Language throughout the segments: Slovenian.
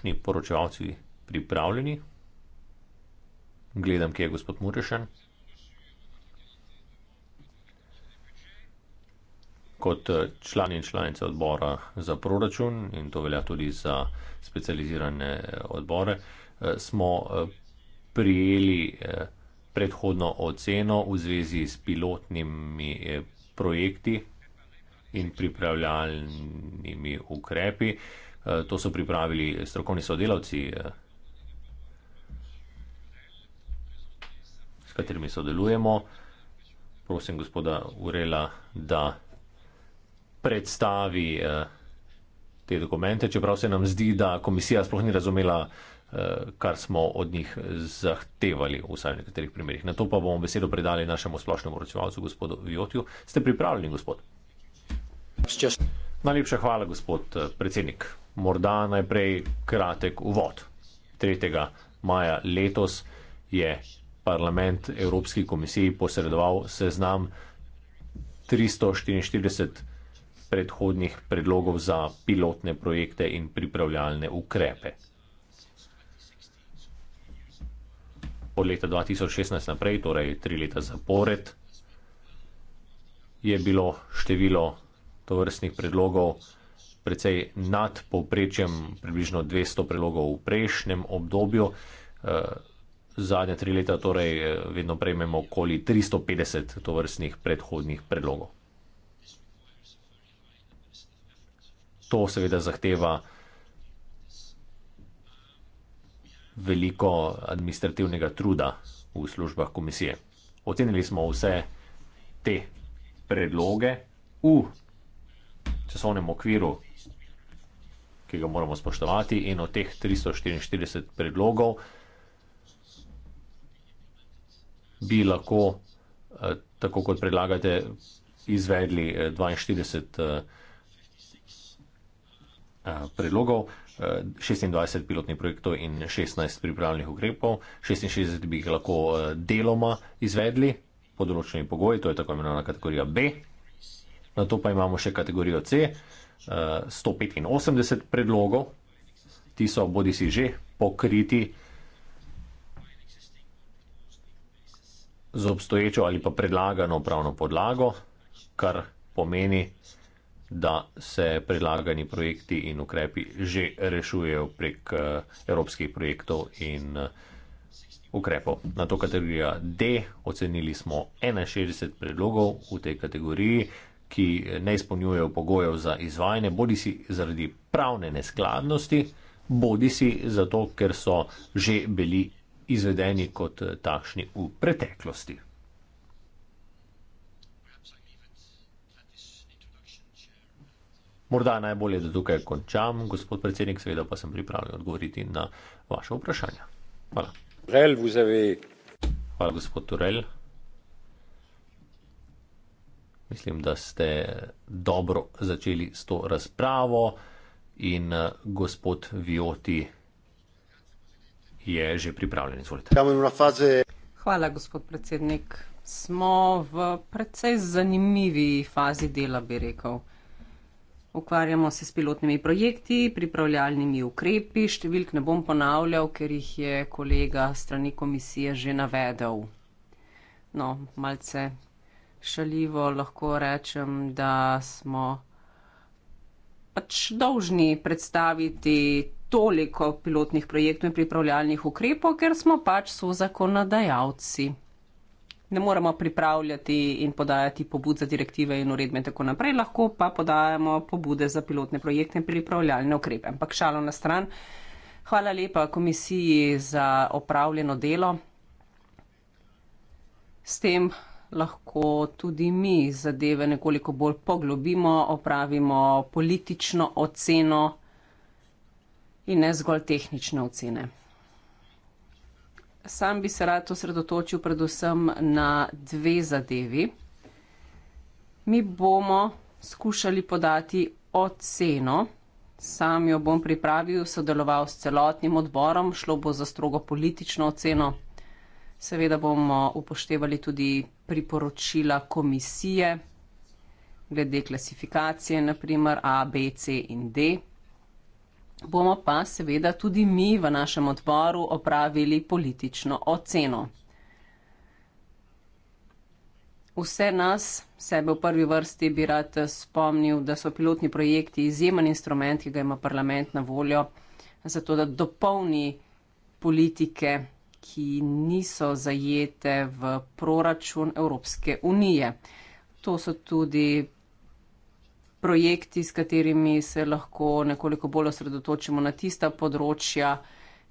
kakšni poročevalci pripravljeni. Gledam, kje je gospod Murešen. Kot eh, član in članica odbora za proračun, in to velja tudi za specializirane eh, odbore, eh, smo prijeli predhodno oceno v zvezi s pilotnimi projekti in pripravljalnimi ukrepi. Eh, to so pripravili strokovni sodelavci, eh, s katerimi sodelujemo. Prosim gospoda Urela, da predstavi eh, te dokumente, čeprav se nam zdi, da komisija sploh ni razumela, kar smo od njih zahtevali v vsaj nekaterih primerjih. Na to pa bomo besedo predali našemu splošnemu uročevalcu, gospodu Vijotju. Ste pripravljeni, gospod? Najlepša hvala, gospod predsednik. Morda najprej kratek uvod. 3. maja letos je parlament Evropski komisiji posredoval seznam 344 predhodnih predlogov za pilotne projekte in pripravljalne ukrepe. Od leta 2016 naprej, torej tri leta zapored, je bilo število tovrstnih predlogov precej nad povprečjem, približno 200 prelogov v prejšnjem obdobju. Eh, zadnja tri leta torej eh, vedno prejmemo okoli 350 tovrstnih predhodnih predlogov. To seveda zahteva veliko administrativnega truda v službah komisije. Ocenili smo vse te predloge v časovnem okviru ki ga moramo spoštovati, in od teh 344 predlogov bi lahko, eh, tako kot predlagate, izvedli 42 eh, eh, predlogov, 26 pilotnih projektov in 16 pripravljenih ukrepov, 66 bi jih lahko deloma izvedli pod določenimi pogoji, to je tako imenovana kategorija B. Na to pa imamo še kategorijo C, 185 predlogov, ti so bodi si že pokriti z obstoječo ali pa predlagano pravno podlago, kar pomeni, da se predlagani projekti in ukrepi že rešujejo prek eh, evropskih projektov in eh, ukrepov. Na to kategorijo D ocenili smo 61 predlogov v tej kategoriji, ki ne izpolnjujejo pogojev za izvajanje, bodi si zaradi pravne neskladnosti, bodi si zato, ker so že bili izvedeni kot takšni v preteklosti. Morda najbolje, da tukaj končam, gospod predsednik, seveda pa sem pripravljen odgovoriti na vaše vprašanja. Hvala. Hvala, gospod Turel. Mislim, da ste dobro začeli s to razpravo in eh, gospod Vioti je že pripravljen. Izvolite. Hvala, gospod predsednik. Smo v precej zanimivi fazi dela, bi rekel. Ukvarjamo se s pilotnimi projekti, pripravljalnimi ukrepi, številk ne bom ponavljal, ker jih je kolega strani komisije že navedel. No, malce šalivo lahko rečem, da smo pač dolžni predstaviti toliko pilotnih projektov in pripravljalnih ukrepov, ker smo pač so zakonodajalci. Ne moramo pripravljati in podajati pobud za direktive in uredbe in tako naprej, lahko pa podajamo pobude za pilotne projekte in pripravljalne ukrepe. Ampak šalo na stran. Hvala lepa komisiji za opravljeno delo. S tem lahko tudi mi zadeve nekoliko bolj poglobimo, opravimo politično oceno in ne zgolj tehnične ocene. Sam bi se rad osredotočil predvsem na dve zadevi. Mi bomo skušali podati oceno, sam jo bom pripravil, sodeloval s celotnim odborom, šlo bo za strogo politično oceno. Seveda bomo upoštevali tudi priporočila komisije glede klasifikacije, naprimer A, B, C in D. Bomo pa seveda tudi mi v našem odboru opravili politično oceno. Vse nas, sebe v prvi vrsti, bi rad spomnil, da so pilotni projekti izjemen instrument, ki ga ima parlament na voljo, zato da dopolni politike ki niso zajete v proračun Evropske unije. To so tudi projekti, s katerimi se lahko nekoliko bolj osredotočimo na tista področja,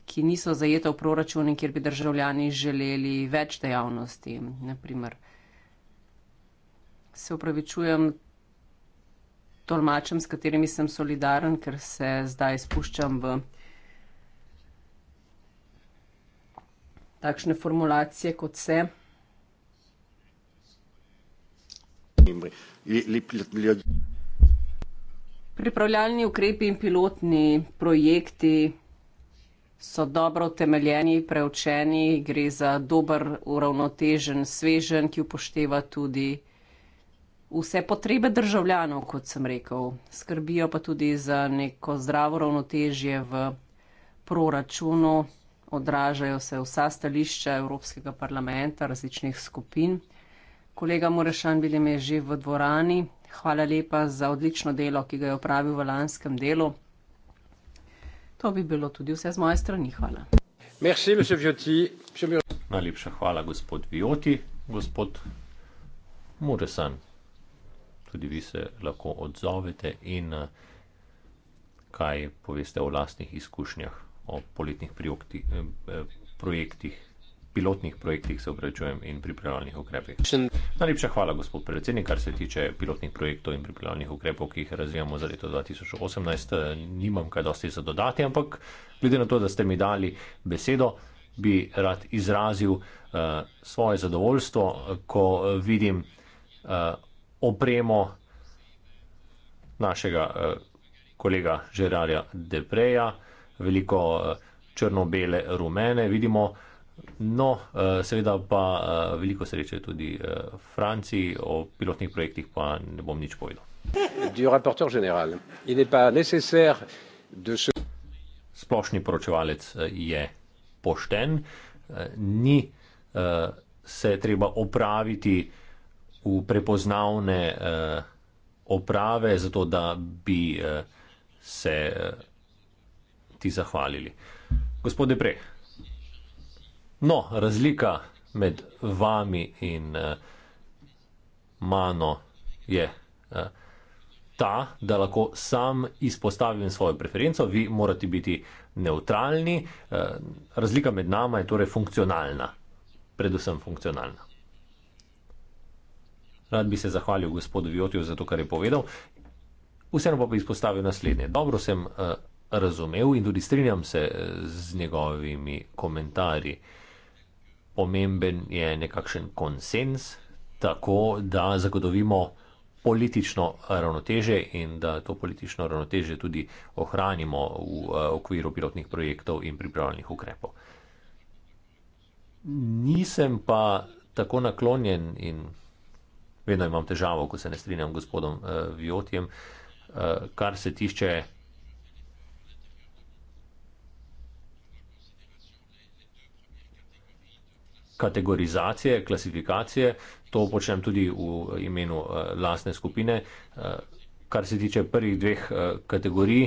ki niso zajete v proračun in kjer bi državljani želeli več dejavnosti. Naprimer, se upravičujem. Tolmačem, s katerimi sem solidaren, ker se zdaj spuščam v takšne formulacije kot se. Pripravljalni ukrepi in pilotni projekti so dobro utemeljeni, preučeni, gre za dober, uravnotežen, svežen, ki upošteva tudi vse potrebe državljanov, kot sem rekel. Skrbijo pa tudi za neko zdravo ravnotežje v proračunu odražajo se vsa stališča Evropskega parlamenta, različnih skupin. Kolega Morešan, bili me že v dvorani. Hvala lepa za odlično delo, ki ga je opravil v lanskem delu. To bi bilo tudi vse z moje strani. Hvala. Merci, Najlepša hvala, gospod Vijoti. Gospod Morešan, tudi vi se lahko odzovete in eh, kaj poveste o lastnih izkušnjah o poletnih priokti, eh, eh, projektih, pilotnih projektih, se upravičujem, in pripravljalnih ukrepih. Najlepša hvala, gospod predsednik, kar se tiče pilotnih projektov in pripravljalnih ukrepov, ki jih razvijamo za leto 2018. Eh, nimam kaj dosti za dodati, ampak glede na to, da ste mi dali besedo, bi rad izrazil uh, svoje zadovoljstvo, ko vidim uh, opremo našega uh, kolega Žerarja Depreja veliko eh, črno-bele, rumene vidimo. No, eh, seveda pa eh, veliko sreče tudi Franciji, o pilotnih projektih pa ne bom nič povedal. Splošni poročevalec je pošten, ni se treba opraviti v prepoznavne oprave, zato da bi se ti zahvalili. Gospod Depre, no, razlika med vami in uh, mano je uh, ta, da lahko sam izpostavim svojo preferenco, vi morate biti neutralni. Uh, eh, razlika med nama je torej funkcionalna, predvsem funkcionalna. Rad bi se zahvalil gospodu Vijotiju za to, kar je povedal. Vseeno pa bi izpostavil naslednje. Dobro sem uh, razumel in tudi strinjam se eh, z njegovimi komentarji. Pomemben je nekakšen konsens, tako da zagotovimo politično ravnoteže in da to politično ravnoteže tudi ohranimo v eh, okviru pilotnih projektov in pripravljenih ukrepov. Nisem pa tako naklonjen in vedno imam težavo, ko se ne strinjam gospodom eh, Vjotjem, kar se tiče kategorizacije, klasifikacije, to počnem tudi v imenu uh, lastne skupine. Uh, kar se tiče prvih dveh uh, kategorij,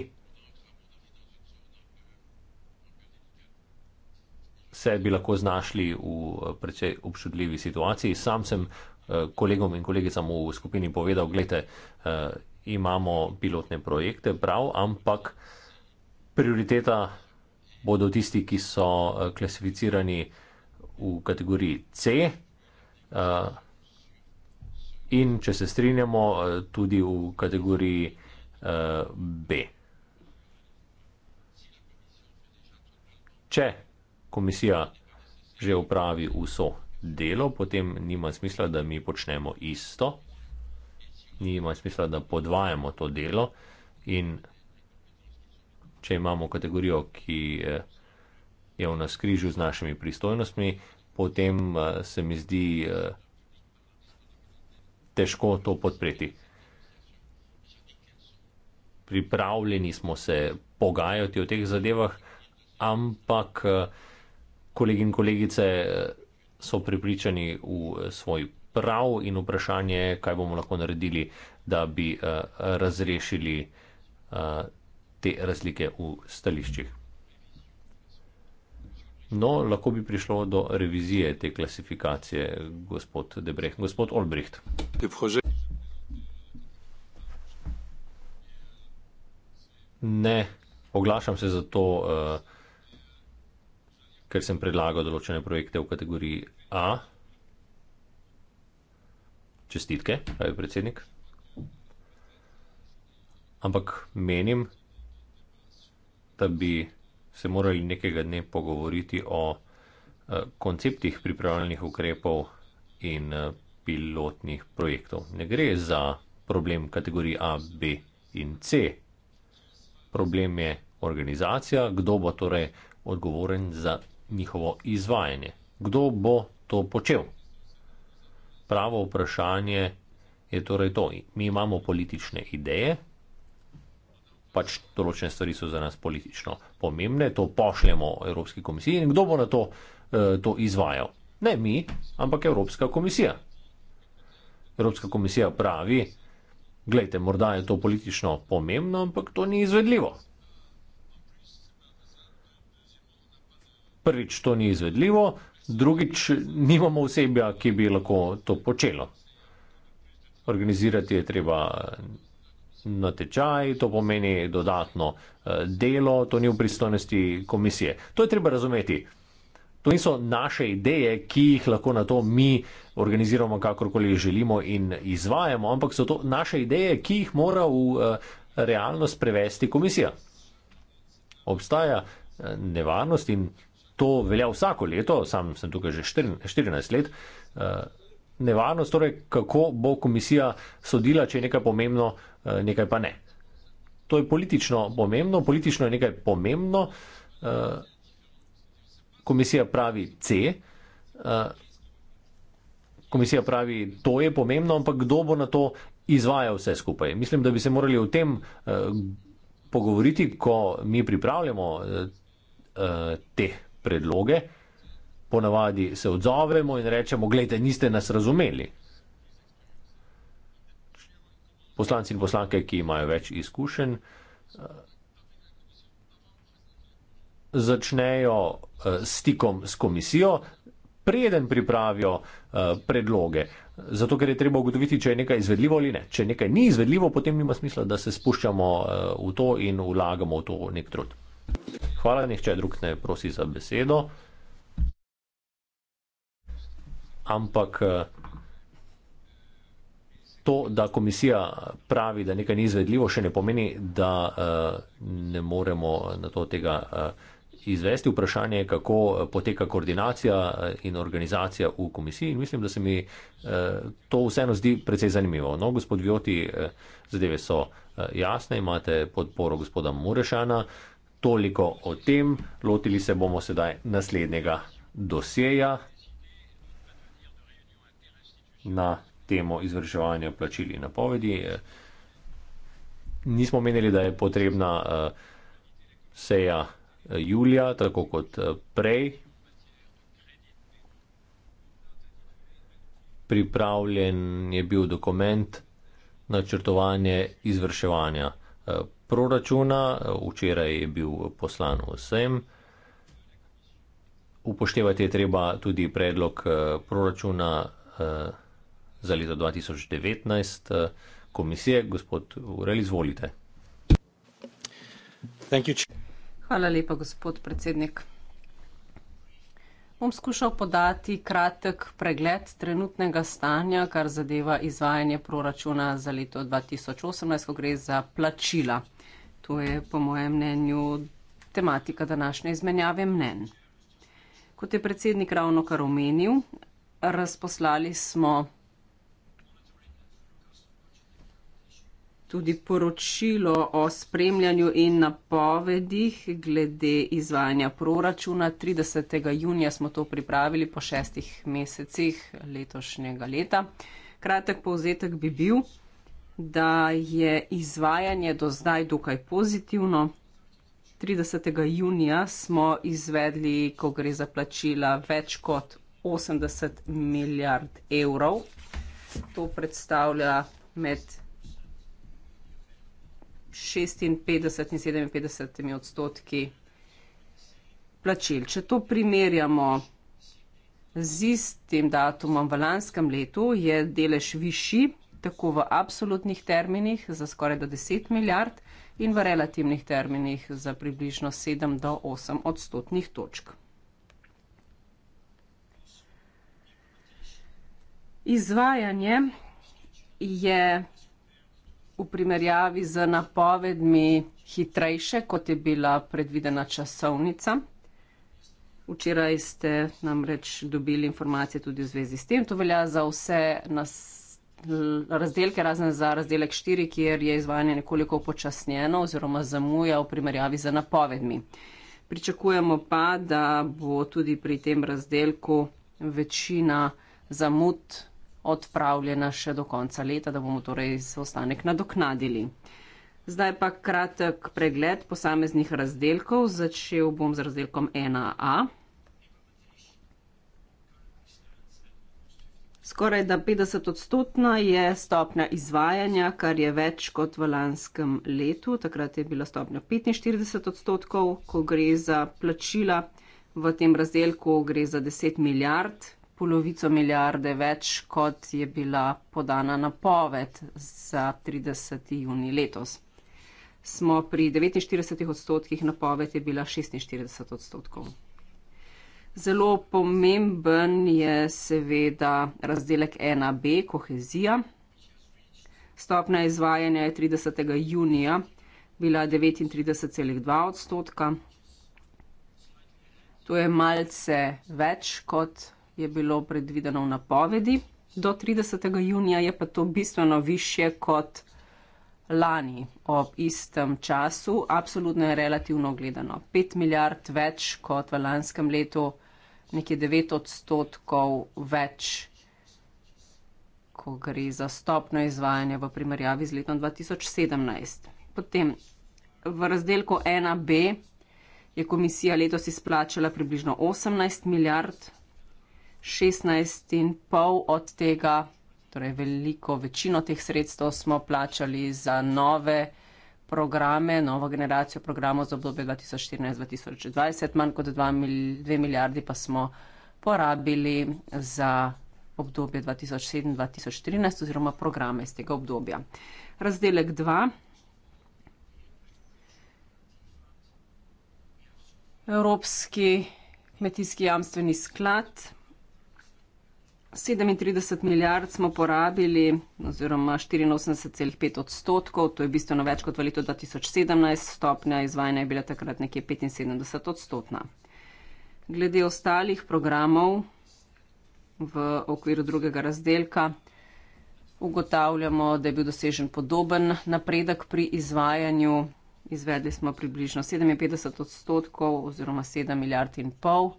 se bi lahko znašli v uh, precej občutljivi situaciji. Sam sem uh, kolegom in kolegicam v skupini povedal, gledajte, uh, imamo pilotne projekte, prav, ampak prioriteta bodo tisti, ki so uh, klasificirani uh, v kategoriji C eh, in, če se strinjamo, eh, tudi v kategoriji eh, B. Če komisija že upravi vso delo, potem nima smisla, da mi počnemo isto, nima smisla, da podvajamo to delo in če imamo kategorijo, ki je je v naskrižju z našimi pristojnostmi, potem eh, se mi zdi eh, težko to podpreti. Pripravljeni smo se pogajati o teh zadevah, ampak eh, kolegi in kolegice so pripričani v svoj prav in vprašanje, kaj bomo lahko naredili, da bi razrešili te razlike v stališčih. No, lahko bi prišlo do revizije te klasifikacije, gospod Debreh. Gospod Olbricht. Ne, oglašam se zato, uh, ker sem predlagal določene projekte v kategoriji A. Čestitke, pravi predsednik. Ampak menim, da bi se morali nekega dne pogovoriti o eh, konceptih pripravljalnih ukrepov in eh, pilotnih projektov. Ne gre za problem kategorij A, B in C. Problem je organizacija, kdo bo torej odgovoren za njihovo izvajanje, kdo bo to počel. Pravo vprašanje je torej to. Mi imamo politične ideje, pač določene stvari so za nas politično pomembne, to pošljemo Evropski komisiji in kdo bo na to, eh, to izvajal? Ne mi, ampak Evropska komisija. Evropska komisija pravi, gledajte, morda je to politično pomembno, ampak to ni izvedljivo. Prvič, to ni izvedljivo, drugič, nimamo osebja, ki bi lahko to počelo. Organizirati je treba na tečaj, to pomeni dodatno eh, delo, to ni v pristojnosti komisije. To je treba razumeti. To niso naše ideje, ki jih lahko na to mi organiziramo, kakorkoli želimo in izvajamo, ampak so to naše ideje, ki jih mora v eh, realnost prevesti komisija. Obstaja eh, nevarnost in to velja vsako leto, sam sem tukaj že 14 let, nevarnost torej, kako bo komisija sodila, če je nekaj pomembno Eh, nekaj pa ne. To je politično pomembno, politično je nekaj pomembno. Eh, komisija pravi C, eh, komisija pravi, to je pomembno, ampak kdo bo na to izvajal vse skupaj. Mislim, da bi se morali o tem pogovoriti, ko mi pripravljamo te predloge. Ponavadi se odzovemo in rečemo, gledajte, niste nas razumeli poslanci in poslanke, ki imajo več izkušenj, začnejo eh, s stikom s komisijo, preden pripravijo eh, predloge. Zato, ker je treba ugotoviti, če je nekaj izvedljivo ali ne. Če nekaj ni izvedljivo, potem nima smisla, da se spuščamo eh, v to in vlagamo v to nek trud. Hvala, nihče drug ne prosi za besedo. Ampak to, da komisija pravi, da nekaj ni izvedljivo, še ne pomeni, da eh, ne moremo na to tega eh, izvesti. Vprašanje je, kako eh, poteka koordinacija in organizacija v komisiji. In mislim, da se mi to vseeno zdi precej zanimivo. No, gospod Vjoti, zadeve so jasne, imate podporo gospoda Murešana. Toliko o tem, lotili se bomo sedaj naslednjega dosjeja. Na temo izvrševanja plačil in napovedi. Nismo menili, da je potrebna eh, seja eh, julija, tako kot eh, prej. Pripravljen je bil dokument načrtovanje izvrševanja proračuna, včeraj je bil poslan vsem. Upoštevati je treba tudi predlog proračuna za leto 2019 eh, komisije. Gospod Urel, izvolite. Hvala lepa, gospod predsednik. Bom skušal podati kratek pregled trenutnega stanja, kar zadeva izvajanje proračuna za leto 2018, ko gre za plačila. To je po mojem mnenju tematika današnje izmenjave mnen. Kot je predsednik ravno kar omenil, razposlali smo tudi poročilo o spremljanju in napovedih glede izvajanja proračuna. 30. junija smo to pripravili po šestih mesecih letošnjega leta. Kratek povzetek bi bil, da je izvajanje do zdaj dokaj pozitivno. 30. junija smo izvedli, ko gre za plačila, več kot 80 milijard evrov. To predstavlja med 56 in 57 odstotki plačil. Če to primerjamo z istim datumom v lanskem letu, je delež višji, tako v absolutnih terminih za skoraj 10 milijard in v relativnih terminih za približno 7 do 8 odstotnih točk. Izvajanje je v primerjavi z napovedmi hitrejše, kot je bila predvidena časovnica. Včeraj ste namreč dobili informacije tudi v zvezi s tem. To velja za vse razdelke, razen za razdelek 4, kjer je izvajanje nekoliko upočasnjeno oziroma zamuja v primerjavi z napovedmi. Pričakujemo pa, da bo tudi pri tem razdelku večina zamud odpravljena še do konca leta, da bomo torej ostanek nadoknadili. Zdaj pa kratek pregled posameznih razdelkov. Začel bom z razdelkom 1a. Skoraj da 50 odstotna je stopnja izvajanja, kar je več kot v lanskem letu. Takrat je bila stopnja 45 odstotkov, ko gre za plačila. V tem razdelku gre za 10 milijard polovico milijarde več, kot je bila podana napoved za 30. juni letos. Smo pri 49 odstotkih, napoved je bila 46 odstotkov. Zelo pomemben je seveda razdelek 1b, kohezija. Stopna izvajanja je 30. junija bila 39,2 odstotka. To je malce več kot je bilo predvideno v napovedi, do 30. junija je pa to bistveno više kot lani ob istem času, absolutno in relativno gledano. 5 milijard več kot v lanskem letu, nekje 9 odstotkov več, ko gre za stopno izvajanje v primerjavi z letom 2017. Potem v razdelku 1b je komisija letos izplačala približno 18 milijard 16 in pol od tega, torej veliko večino teh sredstev smo plačali za nove programe, novo generacijo programov za obdobje 2014-2020, manj kot 2, mil, 2 milijardi pa smo porabili za obdobje 2007-2013 oziroma programe iz tega obdobja. Razdelek 2. Evropski kmetijski jamstveni sklad 37 milijard smo porabili, oziroma 84,5 odstotkov, to je bistveno več kot v letu 2017, stopnja izvajanja je bila takrat nekje 75 odstotna. Glede ostalih programov v okviru drugega razdelka ugotavljamo, da je bil dosežen podoben napredek pri izvajanju. Izvedli smo približno 57 odstotkov oziroma 7 milijard in pol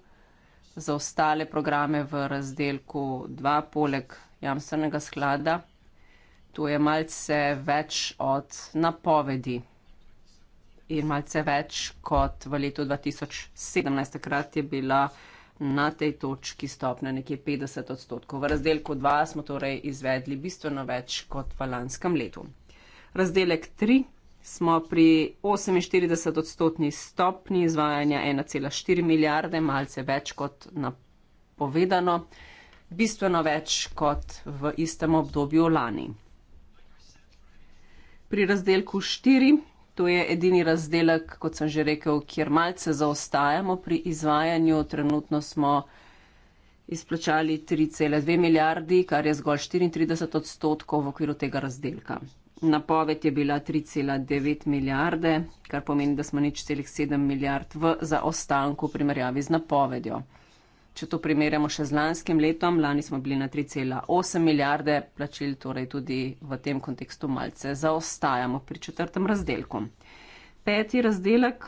za ostale programe v razdelku 2 poleg jamstvenega sklada. Tu je malce več od napovedi in malce več kot v letu 2017. Takrat je bila na tej točki stopnja nekje 50 odstotkov. V razdelku 2 smo torej izvedli bistveno več kot v lanskem letu. Razdelek 3 smo pri 48 odstotni stopni izvajanja 1,4 milijarde, malce več kot napovedano, bistveno več kot v istem obdobju lani. Pri razdelku 4, to je edini razdelek, kot sem že rekel, kjer malce zaostajamo pri izvajanju, trenutno smo izplačali 3,2 milijardi, kar je zgolj 34 odstotkov v okviru tega razdelka. Napoved je bila 3,9 milijarde, kar pomeni, da smo nič celih 7 milijard v zaostanku v primerjavi z napovedjo. Če to primerjamo še z lanskim letom, lani smo bili na 3,8 milijarde plačil, torej tudi v tem kontekstu malce zaostajamo pri četrtem razdelku. Peti razdelek.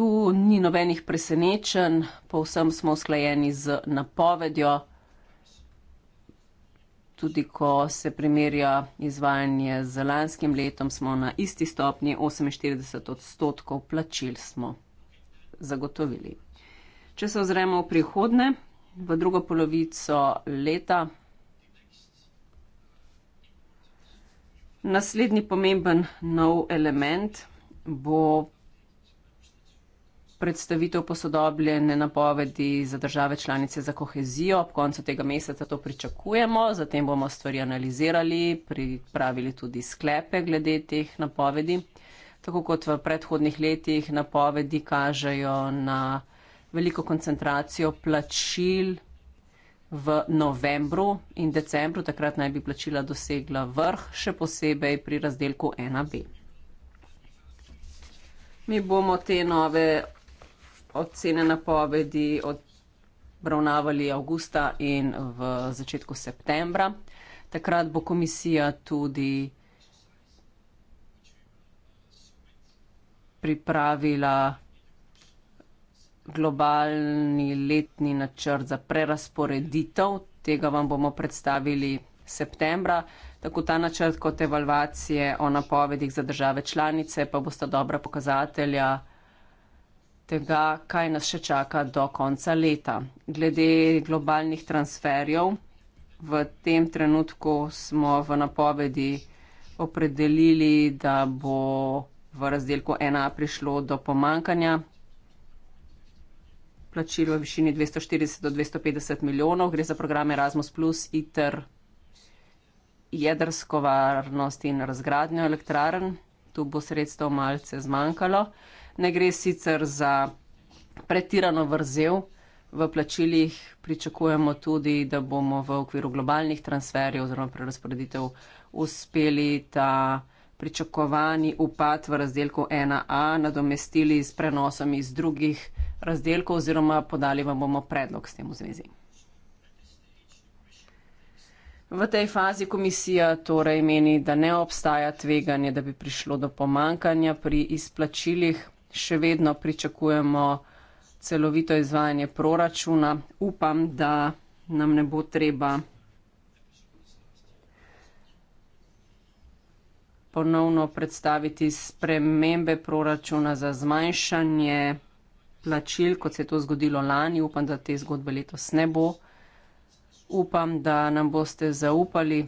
Tu ni nobenih presenečenj, povsem smo usklajeni z napovedjo tudi ko se primerja izvajanje z lanskim letom, smo na isti stopnji, 48 odstotkov plačil smo zagotovili. Če se ozremo v prihodne, v drugo polovico leta, naslednji pomemben nov element bo predstavitev posodobljene napovedi za države članice za kohezijo. Ob koncu tega meseca to pričakujemo, zatem bomo stvari analizirali, pripravili tudi sklepe glede teh napovedi. Tako kot v predhodnih letih napovedi kažejo na veliko koncentracijo plačil v novembru in decembru, takrat naj bi plačila dosegla vrh, še posebej pri razdelku 1B. Mi bomo te nove od cene napovedi obravnavali avgusta in v začetku septembra. Takrat bo komisija tudi pripravila globalni letni načrt za prerasporeditev. Tega vam bomo predstavili septembra. Tako ta načrt kot evalvacije o napovedih za države članice pa bosta dobra pokazatelja tega, kaj nas še čaka do konca leta. Glede globalnih transferjev, v tem trenutku smo v napovedi opredelili, da bo v razdelku 1 prišlo do pomankanja plačil v višini 240 do 250 milijonov. Gre za program Erasmus Plus, ITER, jedrsko varnost in razgradnjo elektraren. Tu bo sredstvo malce zmanjkalo ne gre sicer za pretirano vrzel. V plačilih pričakujemo tudi, da bomo v okviru globalnih transferjev oziroma prerasporeditev uspeli ta pričakovani upad v razdelku 1A nadomestili s prenosom iz drugih razdelkov oziroma podali vam bomo predlog s tem v zvezi. V tej fazi komisija torej meni, da ne obstaja tveganje, da bi prišlo do pomankanja pri izplačilih še vedno pričakujemo celovito izvajanje proračuna. Upam, da nam ne bo treba ponovno predstaviti spremembe proračuna za zmanjšanje plačil, kot se je to zgodilo lani. Upam, da te zgodbe letos ne bo. Upam, da nam boste zaupali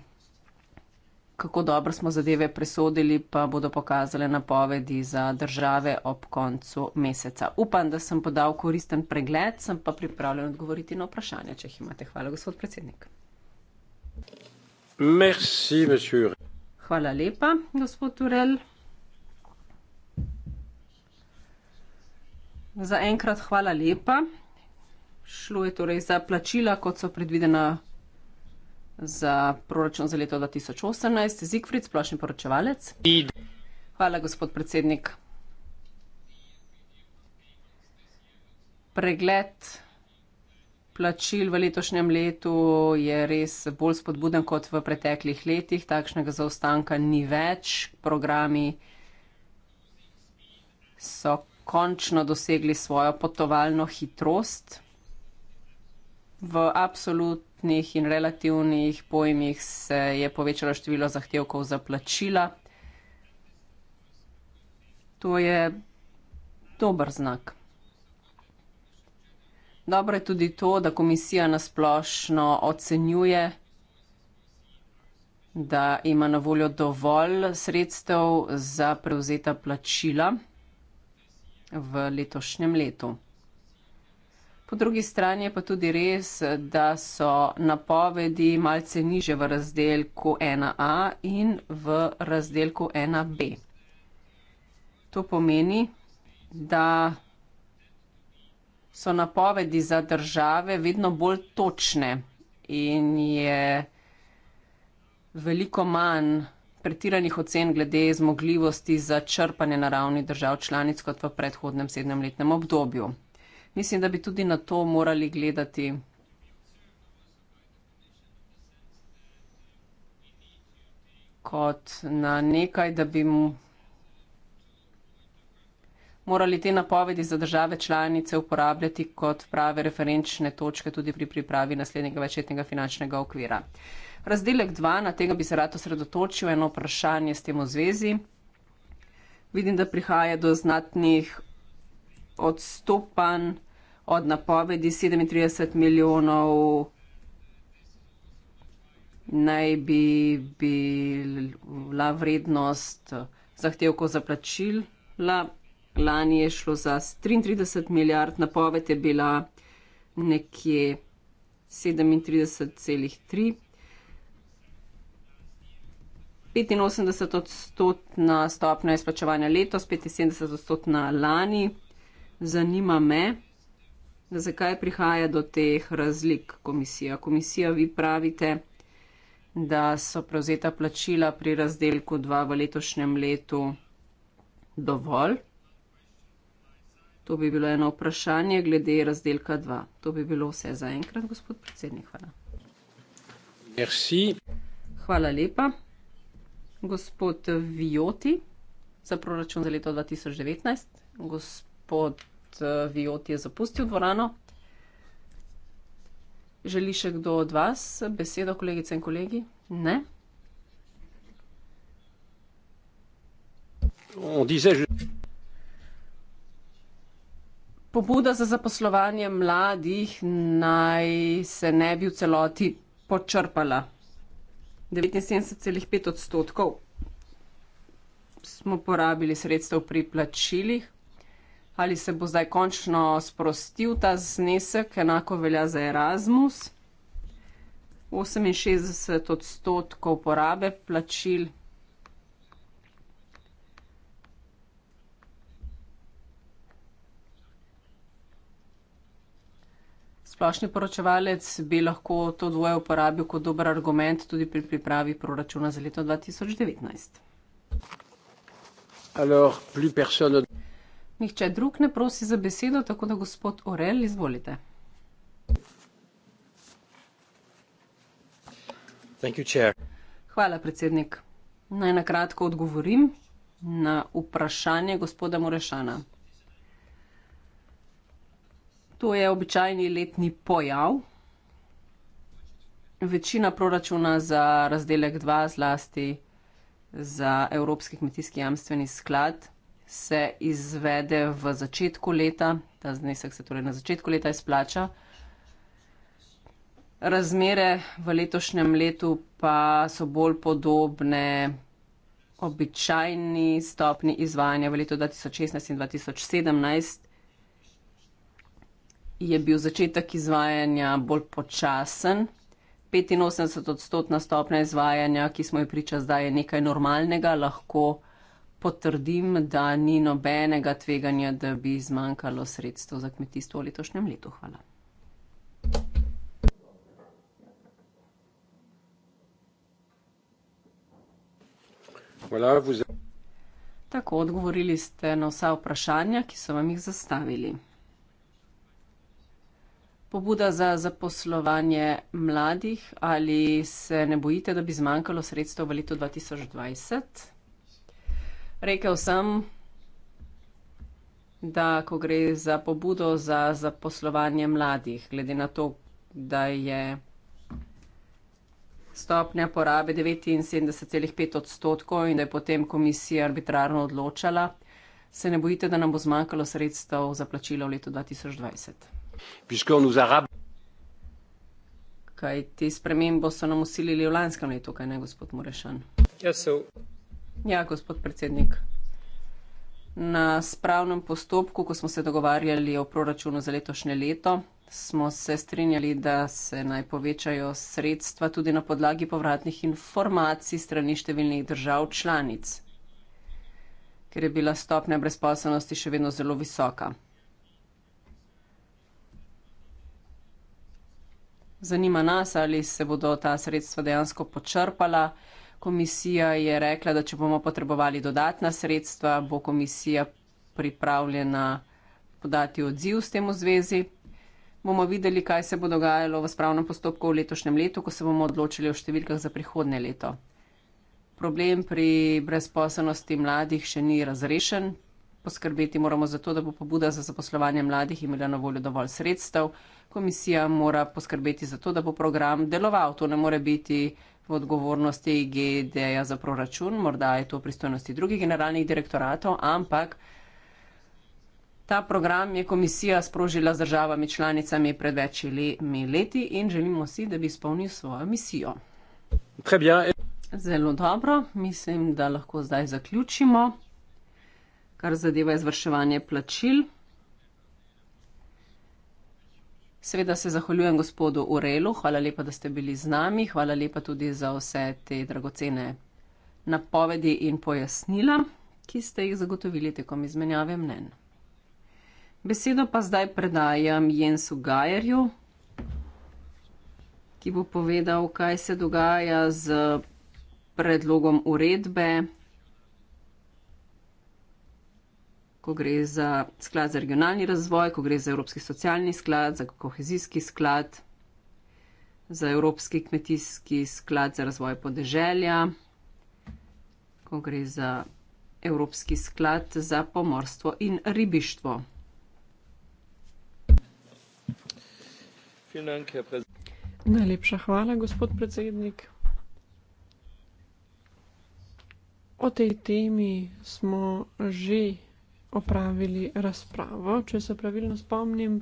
kako dobro smo zadeve presodili, pa bodo pokazale napovedi za države ob koncu meseca. Upam, da sem podal koristen pregled, sem pa pripravljen odgovoriti na vprašanje, če jih imate. Hvala, gospod predsednik. Merci, Hvala lepa, gospod Turel. Za enkrat hvala lepa. Šlo je torej za plačila, kot so predvidena za proračun za leto 2018. Zigfrid, splošni poročevalec. Hvala, gospod predsednik. Pregled plačil v letošnjem letu je res bolj spodbuden kot v preteklih letih. Takšnega zaostanka ni več. Programi so končno dosegli svojo potovalno hitrost. V absolut absolutnih in relativnih pojmih se je povečalo število zahtevkov za plačila. To je dober znak. Dobro je tudi to, da komisija nasplošno ocenjuje, da ima na voljo dovolj sredstev za prevzeta plačila v letošnjem letu. Po drugi strani je pa tudi res, da so napovedi malce niže v razdelku 1a in v razdelku 1b. To pomeni, da so napovedi za države vedno bolj točne in je veliko manj pretiranih ocen glede zmogljivosti za črpanje na ravni držav članic kot v predhodnem sedemletnem obdobju mislim, da bi tudi na to morali gledati. Kot na nekaj, da bi morali te napovedi za države članice uporabljati kot prave referenčne točke tudi pri pripravi naslednjega večletnega finančnega okvira. Razdelek 2, na tega bi se rad osredotočil, eno vprašanje s tem v zvezi. Vidim, da prihaja do znatnih odstopanj od napovedi 37 milijonov naj bi bila vrednost zahtevko za plačila. Lani je šlo za 33 milijard, napoved je bila nekje 37,3. 85-odstotna stopna izplačevanja letos, 75-odstotna lani. Zanima me zakaj prihaja do teh razlik komisija. Komisija, vi pravite, da so prevzeta plačila pri razdelku 2 v letošnjem letu dovolj. To bi bilo eno vprašanje glede razdelka 2. To bi bilo vse za enkrat, gospod predsednik. Hvala. Merci. Hvala lepa. Gospod Vijoti za proračun za leto 2019. Gospod Eh, Viot je zapustil dvorano. Želi še kdo od vas besedo, kolegice in kolegi? Ne. Pobuda za zaposlovanje mladih naj se ne bi v celoti počrpala. 79,5 odstotkov smo porabili sredstev pri plačilih ali se bo zdaj končno sprostil ta znesek, enako velja za Erasmus. 68 odstotkov porabe plačil. Splošni poročevalec bi lahko to dvoje uporabil kot dober argument tudi pri pripravi proračuna za leto 2019. Alors, Nihče drug ne prosi za besedo, tako da gospod Orel, izvolite. Hvala, predsednik. Naj nakratko odgovorim na vprašanje gospoda Morešana. To je običajni letni pojav. Večina proračuna za razdelek 2, zlasti za Evropski kmetijski jamstveni sklad, se izvede v začetku leta, ta znesek se torej na začetku leta izplača. Razmere v letošnjem letu pa so bolj podobne običajni stopni izvajanja v letu 2016 in 2017. Je bil začetek izvajanja bolj počasen. 85-odstotna stopnja izvajanja, ki smo ji priča zdaj, je nekaj normalnega, lahko potrdim, da ni nobenega tveganja, da bi zmanjkalo sredstev za kmetijstvo v letošnjem letu. Hvala. Hvala. Tako, odgovorili ste na vsa vprašanja, ki so vam jih zastavili. Pobuda za zaposlovanje mladih, ali se ne bojite, da bi zmanjkalo sredstev v letu 2020? Rekel sem, da ko gre za pobudo za zaposlovanje mladih, glede na to, da je stopnja porabe 79,5 odstotkov in da je potem komisija arbitrarno odločala, se ne bojite, da nam bo zmanjkalo sredstev za plačilo v letu 2020. Kaj ti spremembo so nam usilili v lanskem letu, kaj ne, gospod Murešan? Ja, so. Ja, gospod predsednik. Na spravnem postopku, ko smo se dogovarjali o proračunu za letošnje leto, smo se strinjali, da se naj povečajo sredstva tudi na podlagi povratnih informacij strani številnih držav članic, ker je bila stopnja brezposobnosti še vedno zelo visoka. Zanima nas, ali se bodo ta sredstva dejansko počrpala. Komisija je rekla, da če bomo potrebovali dodatna sredstva, bo komisija pripravljena podati odziv s tem v zvezi. Bomo videli, kaj se bo dogajalo v spravnem postopku v letošnjem letu, ko se bomo odločili o številkah za prihodnje leto. Problem pri brezposelnosti mladih še ni razrešen. Poskrbeti moramo za to, da bo pobuda za zaposlovanje mladih imela na voljo dovolj sredstev. Komisija mora poskrbeti za to, da bo program deloval. To ne more biti v odgovornosti GDA za proračun, morda je to v pristojnosti drugih generalnih direktoratov, ampak ta program je komisija sprožila z državami članicami pred večjimi leti in želimo si, da bi izpolnil svojo misijo. Zelo dobro, mislim, da lahko zdaj zaključimo, kar zadeva izvrševanje plačil. Seveda se zahvaljujem gospodu Urelu, hvala lepa, da ste bili z nami, hvala lepa tudi za vse te dragocene napovedi in pojasnila, ki ste jih zagotovili tekom izmenjave mnen. Besedo pa zdaj predajam Jensu Gajerju, ki bo povedal, kaj se dogaja z predlogom uredbe ko gre za sklad za regionalni razvoj, ko gre za Evropski socialni sklad, za kohezijski sklad, za Evropski kmetijski sklad za razvoj podeželja, ko gre za Evropski sklad za pomorstvo in ribištvo. Najlepša hvala, gospod predsednik. O tej temi smo že opravili razpravo, če se pravilno spomnim.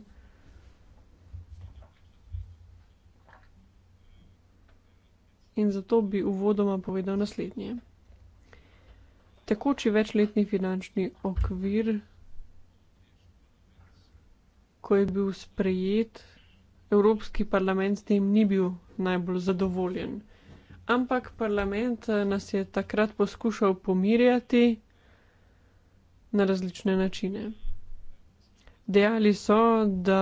In zato bi uvodoma povedal naslednje. Tekoči večletni finančni okvir, ko je bil sprejet, Evropski parlament s tem ni bil najbolj zadovoljen. Ampak parlament eh, nas je takrat poskušal pomirjati na različne načine. Dejali so, da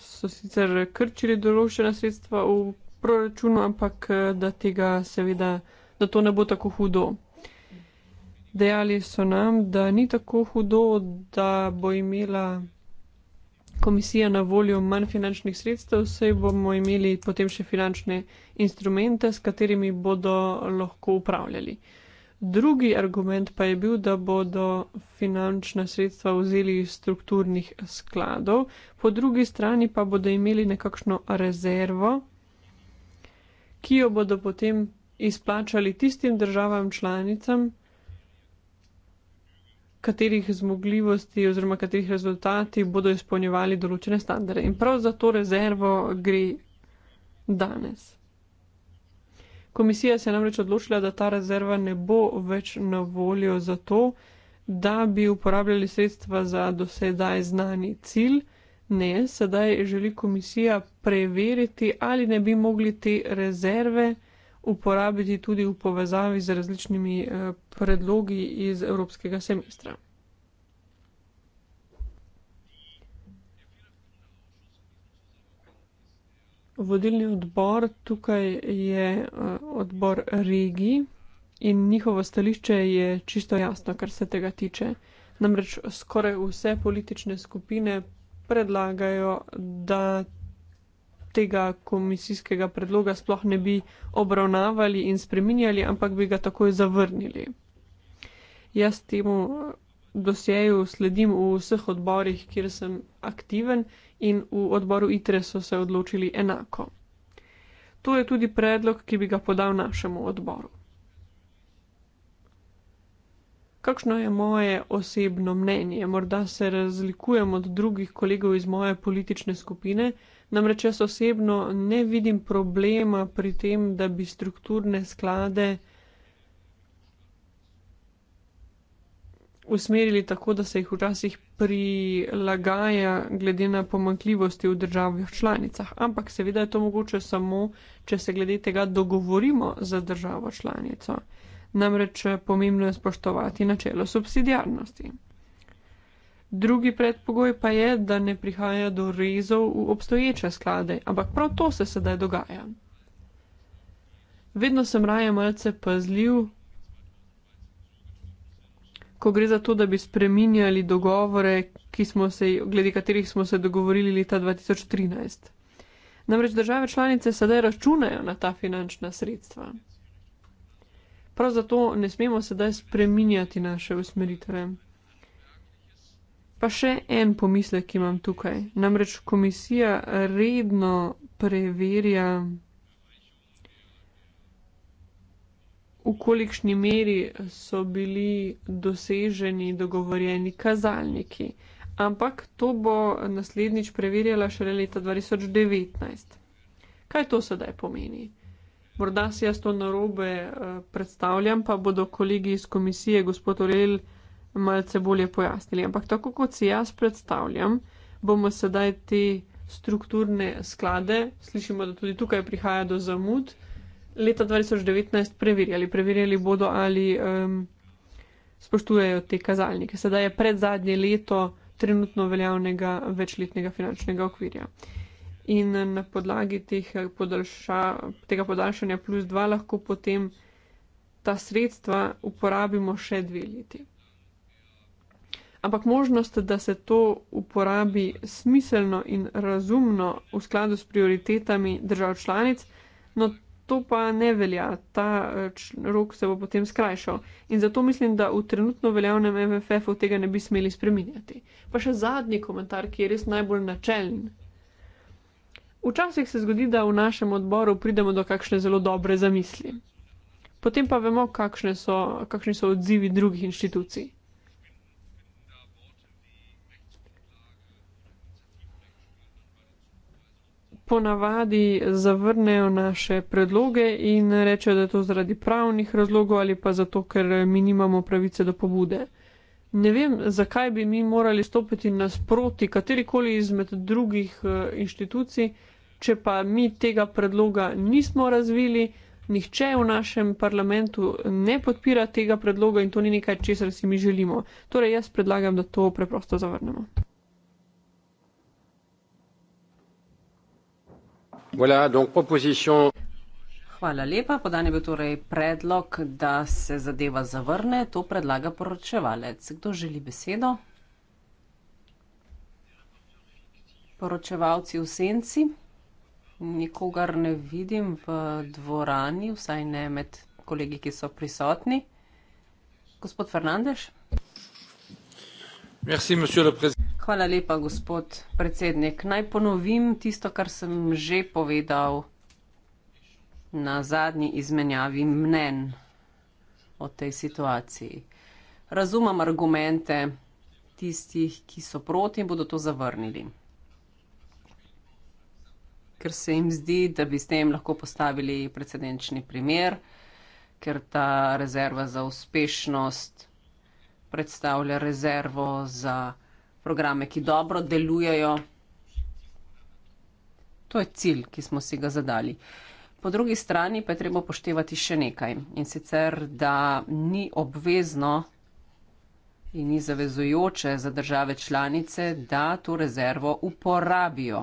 so sicer krčili določena sredstva v proračunu, ampak da tega seveda, da to ne bo tako hudo. Dejali so nam, da ni tako hudo, da bo imela komisija na voljo manj finančnih sredstev, vse bomo imeli potem še finančne instrumente, s katerimi bodo lahko upravljali. Uh, Drugi argument pa je bil, da bodo finančna sredstva vzeli iz strukturnih skladov, po drugi strani pa bodo imeli nekakšno rezervo, ki jo bodo potem izplačali tistim državam članicam, katerih zmogljivosti oziroma katerih rezultati bodo izpolnjevali določene standarde. In prav za to rezervo gre danes. Komisija se je namreč odločila, da ta rezerva ne bo več na voljo za to, da bi uporabljali sredstva za dosedaj znani cilj. Ne, sedaj želi komisija preveriti, ali ne bi mogli te rezerve uporabiti tudi v povezavi z različnimi eh, predlogi iz Evropskega semestra. vodilni odbor, tukaj je eh, odbor regij in njihovo stališče je čisto jasno, kar se tega tiče. Namreč skoraj vse politične skupine predlagajo, da tega komisijskega predloga sploh ne bi obravnavali in spreminjali, ampak bi ga takoj zavrnili. Jaz temu dosjeju sledim v vseh odborih, kjer sem aktiven, in v odboru ITRE so se odločili enako. To je tudi predlog, ki bi ga podal našemu odboru. Kakšno je moje osebno mnenje? Morda se razlikujem od drugih kolegov iz moje politične skupine, namreč jaz osebno ne vidim problema pri tem, da bi strukturne sklade usmerili tako, da se jih včasih prilagaja glede na pomankljivosti v državah članicah. Ampak seveda je to mogoče samo, če se glede tega dogovorimo za državo članico. Namreč eh, pomembno je spoštovati načelo subsidijarnosti. Drugi predpogoj pa je, da ne prihaja do rezov v obstoječe sklade, ampak prav to se sedaj dogaja. Vedno sem raje malce pazljiv, ko gre za to, da bi spreminjali dogovore, se, glede katerih smo se dogovorili leta 2013. Namreč države članice sedaj računajo na ta finančna sredstva. Prav zato ne smemo sedaj spreminjati naše usmeritve. Pa še en pomislek imam tukaj. Namreč komisija redno preverja v kolikšni meri so bili doseženi dogovorjeni kazalniki. Ampak to bo naslednjič preverjala šele leta 2019. Kaj to sedaj pomeni? Morda si jaz to narobe eh, predstavljam, pa bodo kolegi iz komisije, gospod Orel, malce bolje pojasnili. Ampak tako kot si jaz predstavljam, bomo sedaj te strukturne sklade, slišimo, da tudi tukaj prihaja do zamud, leta 2019 preverjali. Preverjali bodo, ali um, spoštujejo te kazalnike. Sedaj je pred zadnje leto trenutno veljavnega večletnega finančnega okvirja. In na podlagi teh podaljša, tega podaljšanja plus dva lahko potem ta sredstva uporabimo še dve leti. Ampak možnost, da se to uporabi smiselno in razumno v skladu s prioritetami držav članic, no to pa ne velja, ta eh, rok se bo potem skrajšal. In zato mislim, da v trenutno veljavnem MFF-u tega ne bi smeli spreminjati. Pa še zadnji komentar, ki je res najbolj načeljen. Včasih se zgodi, da v našem odboru pridemo do kakšne zelo dobre zamisli. Potem pa vemo, kakšni so, so odzivi drugih inštitucij. ponavadi zavrnejo naše predloge in rečejo, da je to zaradi pravnih razlogov ali pa zato, ker mi nimamo pravice do pobude. Ne vem, zakaj bi mi morali stopiti nasproti katerikoli izmed drugih eh, inštitucij, če pa mi tega predloga nismo razvili, nihče v našem parlamentu ne podpira tega predloga in to ni nekaj, česar si mi želimo. Torej, jaz predlagam, da to preprosto zavrnemo. Voilà, donc proposition. Hvala lepa. Podan je bil torej predlog, da se zadeva zavrne. To predlaga poročevalec. Kdo želi besedo? Poročevalci v senci. Nikogar ne vidim v dvorani, vsaj ne med kolegi, ki so prisotni. Gospod Fernandez. Merci, monsieur le président. Hvala lepa, gospod predsednik. Naj ponovim tisto, kar sem že povedal na zadnji izmenjavi mnen o tej situaciji. Razumem argumente tistih, ki so proti in bodo to zavrnili. Ker se jim zdi, da bi s tem lahko postavili precedenčni primer, ker ta rezerva za uspešnost predstavlja rezervo za programe, ki dobro delujejo. To je cilj, ki smo si ga zadali. Po drugi strani pa je treba poštevati še nekaj in sicer, da ni obvezno in ni zavezujoče za države članice, da to rezervo uporabijo.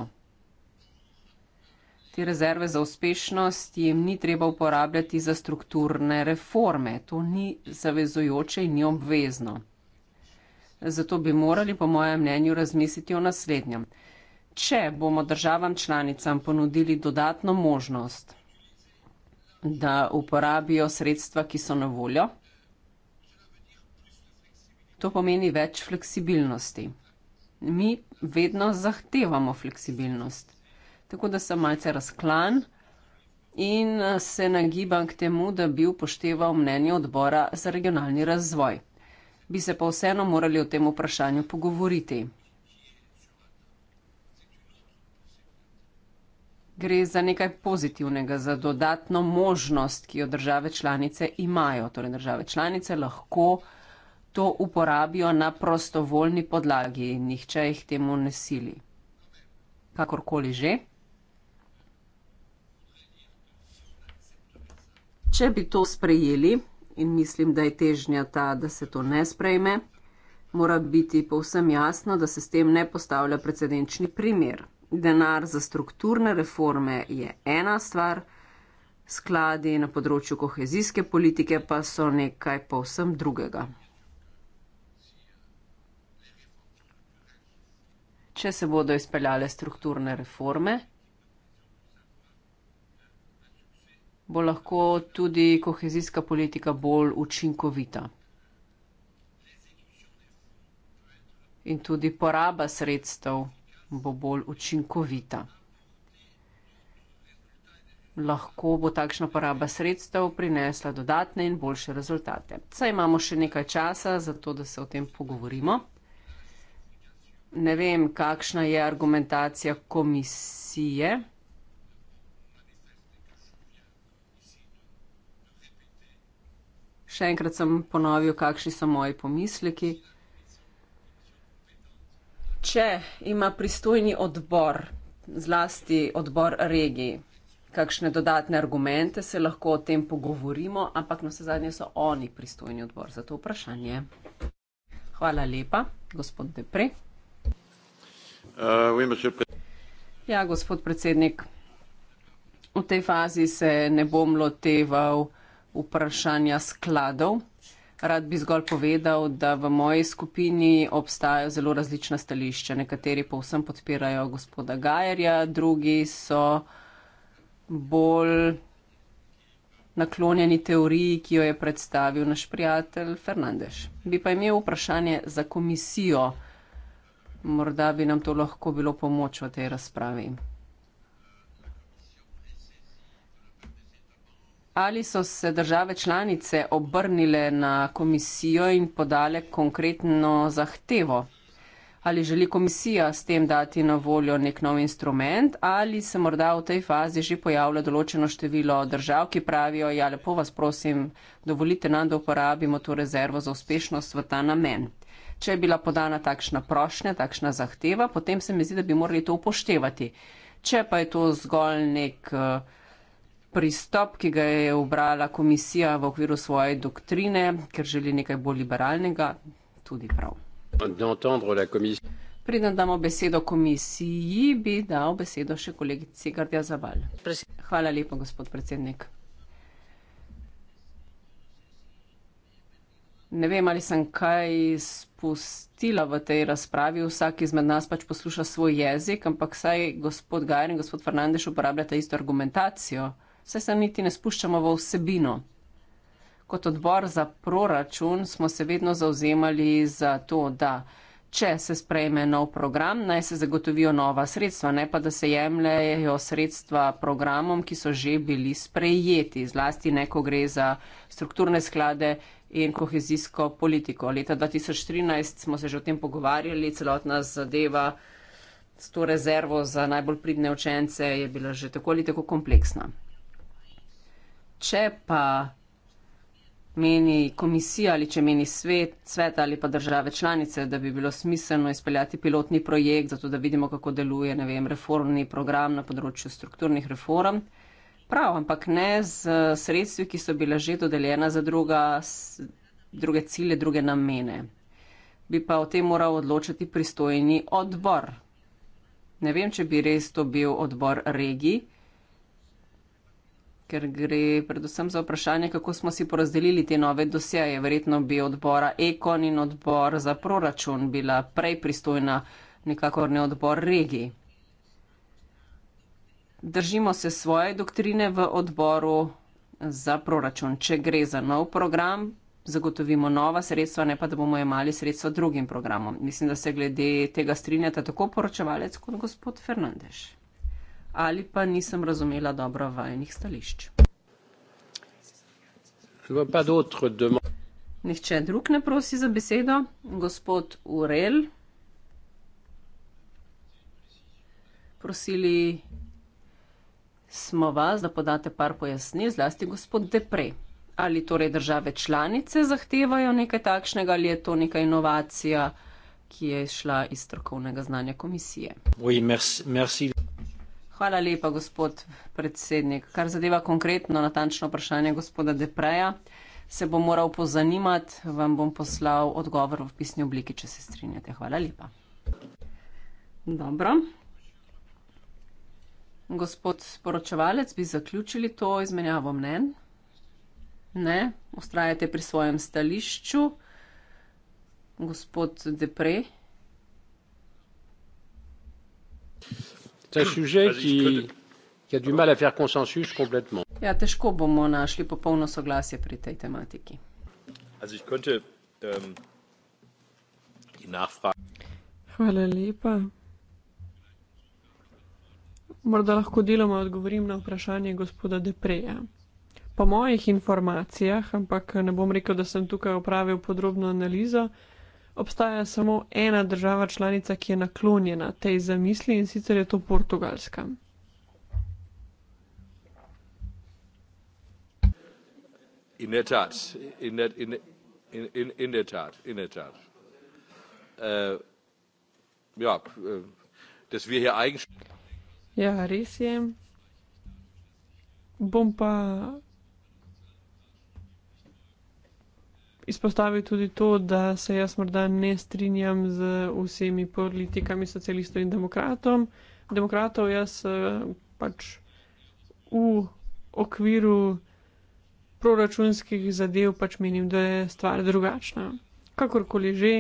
Te rezerve za uspešnost jim ni treba uporabljati za strukturne reforme. To ni zavezujoče in ni obvezno. Zato bi morali, po mojem mnenju, razmisliti o naslednjem. Če bomo državam članicam ponudili dodatno možnost, da uporabijo sredstva, ki so na voljo, to pomeni več fleksibilnosti. Mi vedno zahtevamo fleksibilnost. Tako da sem malce razklan in se nagibam k temu, da bi upošteval mnenje odbora za regionalni razvoj bi se pa vseeno morali o tem vprašanju pogovoriti. Gre za nekaj pozitivnega, za dodatno možnost, ki jo države članice imajo. Torej, države članice lahko to uporabijo na prostovoljni podlagi in nihče jih temu ne sili. Kakorkoli že. Če bi to sprejeli, in mislim, da je težnja ta, da se to ne sprejme, mora biti povsem jasno, da se s tem ne postavlja precedenčni primer. Denar za strukturne reforme je ena stvar, skladi na področju kohezijske politike pa so nekaj povsem drugega. Če se bodo izpeljale strukturne reforme, bo lahko tudi kohezijska politika bolj učinkovita. In tudi poraba sredstev bo bolj učinkovita. Lahko bo takšna poraba sredstev prinesla dodatne in boljše rezultate. Saj imamo še nekaj časa za to, da se o tem pogovorimo. Ne vem, kakšna je argumentacija komisije. Še enkrat sem ponovil, kakšni so moji pomisleki. Če ima pristojni odbor, zlasti odbor regij, kakšne dodatne argumente, se lahko o tem pogovorimo, ampak na vse zadnje so oni pristojni odbor za to vprašanje. Hvala lepa, gospod Depre. Uh, ja, gospod predsednik, v tej fazi se ne bom loteval vprašanja skladov. Rad bi zgolj povedal, da v moji skupini obstajajo zelo različna stališča. Nekateri povsem podpirajo gospoda Gajerja, drugi so bolj naklonjeni teoriji, ki jo je predstavil naš prijatelj Fernandez. Bi pa imel vprašanje za komisijo. Morda bi nam to lahko bilo pomoč v tej razpravi. Ali so se države članice obrnile na komisijo in podale konkretno zahtevo? Ali želi komisija s tem dati na voljo nek nov instrument, ali se morda v tej fazi že pojavlja določeno število držav, ki pravijo, ja, lepo vas prosim, dovolite nam, da uporabimo to rezervo za uspešnost v ta namen. Če je bila podana takšna prošnja, takšna zahteva, potem se mi zdi, da bi morali to upoštevati. Če pa je to zgolj nek. Uh, pristop, ki ga je obrala komisija v okviru svoje doktrine, ker želi nekaj bolj liberalnega, tudi prav. Preden damo besedo komisiji, bi dal besedo še kolegici Gardja Zaval. Hvala lepa, gospod predsednik. Ne vem, ali sem kaj spustila v tej razpravi. Vsak izmed nas pač posluša svoj jezik, ampak saj gospod Gajer in gospod Fernandeš uporabljata isto argumentacijo saj se niti ne spuščamo v vsebino. Kot odbor za proračun smo se vedno zauzemali za to, da če se sprejme nov program, naj se zagotovijo nova sredstva, ne pa da se jemljajo sredstva programom, ki so že bili sprejeti, zlasti ne, ko gre za strukturne sklade in kohezijsko politiko. Leta 2013 smo se že o tem pogovarjali, celotna zadeva s to rezervo za najbolj pridne učence je bila že tako ali tako kompleksna če pa meni komisija ali če meni svet, svet ali pa države članice, da bi bilo smiselno izpeljati pilotni projekt, zato da vidimo, kako deluje, ne vem, reformni program na področju strukturnih reform. Prav, ampak ne z sredstvi, ki so bila že dodeljena za druga, druge cilje, druge namene. Bi pa o tem moral odločiti pristojni odbor. Ne vem, če bi res to bil odbor regij ker gre predvsem za vprašanje, kako smo si porazdelili te nove dosjeje. Verjetno bi odbora Ekon in odbor za proračun bila prej pristojna, nekakor ne odbor regiji. Držimo se svoje doktrine v odboru za proračun. Če gre za nov program, zagotovimo nova sredstva, ne pa da bomo imeli sredstva drugim programom. Mislim, da se glede tega strinjata tako poročevalec kot gospod Fernandez ali pa nisem razumela dobro vajenih stališč. Nihče drug ne prosi za besedo. Gospod Urel. Prosili smo vas, da podate par pojasnil, zlasti gospod Depre. Ali torej države članice zahtevajo nekaj takšnega ali je to neka inovacija, ki je šla iz strokovnega znanja komisije? Oui, merci, merci. Hvala lepa, gospod predsednik. Kar zadeva konkretno natančno vprašanje gospoda Depreja, se bom moral pozanimati, vam bom poslal odgovor v pisni obliki, če se strinjate. Hvala lepa. Dobro. Gospod poročevalec, bi zaključili to izmenjavo mnen? Ne, ustrajate pri svojem stališču. Gospod Depre. C'est un sujet qui, qui a du mal à faire consensus complètement. Ja, težko bomo našli popolno soglasje pri tej tematiki. Ähm, Hvala lepa. Morda lahko deloma odgovorim na vprašanje gospoda Depreja. Po mojih informacijah, ampak ne bom rekel, da sem tukaj upravil podrobno analizo, obstaja samo ena država članica, ki je naklonjena tej zamisli in sicer je to Portugalska. In der Tat, in der, in, in, in der Tat, in der Tat. Äh, ja, äh, dass wir hier eigentlich. Ja, Riesje. Bumper. izpostavil tudi to, da se jaz morda ne strinjam z vsemi politikami socialistov in demokratom. demokratov. Jaz eh, pač v okviru proračunskih zadev pač menim, da je stvar drugačna. Kakorkoli že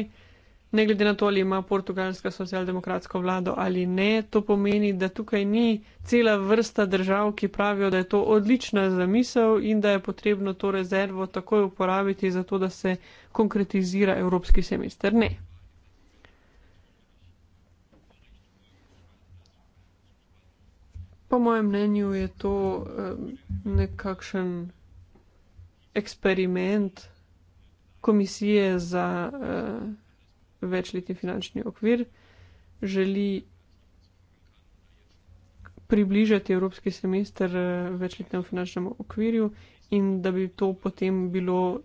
ne glede na to, ali ima portugalska socialdemokratsko vlado ali ne, to pomeni, da tukaj ni cela vrsta držav, ki pravijo, da je to odlična zamisel in da je potrebno to rezervo takoj uporabiti za to, da se konkretizira evropski semester. Ne. Po mojem mnenju je to eh, nekakšen eksperiment komisije za. Uh, večletni finančni okvir, želi približati evropski semester eh, večletnemu finančnemu okvirju in da bi to potem bilo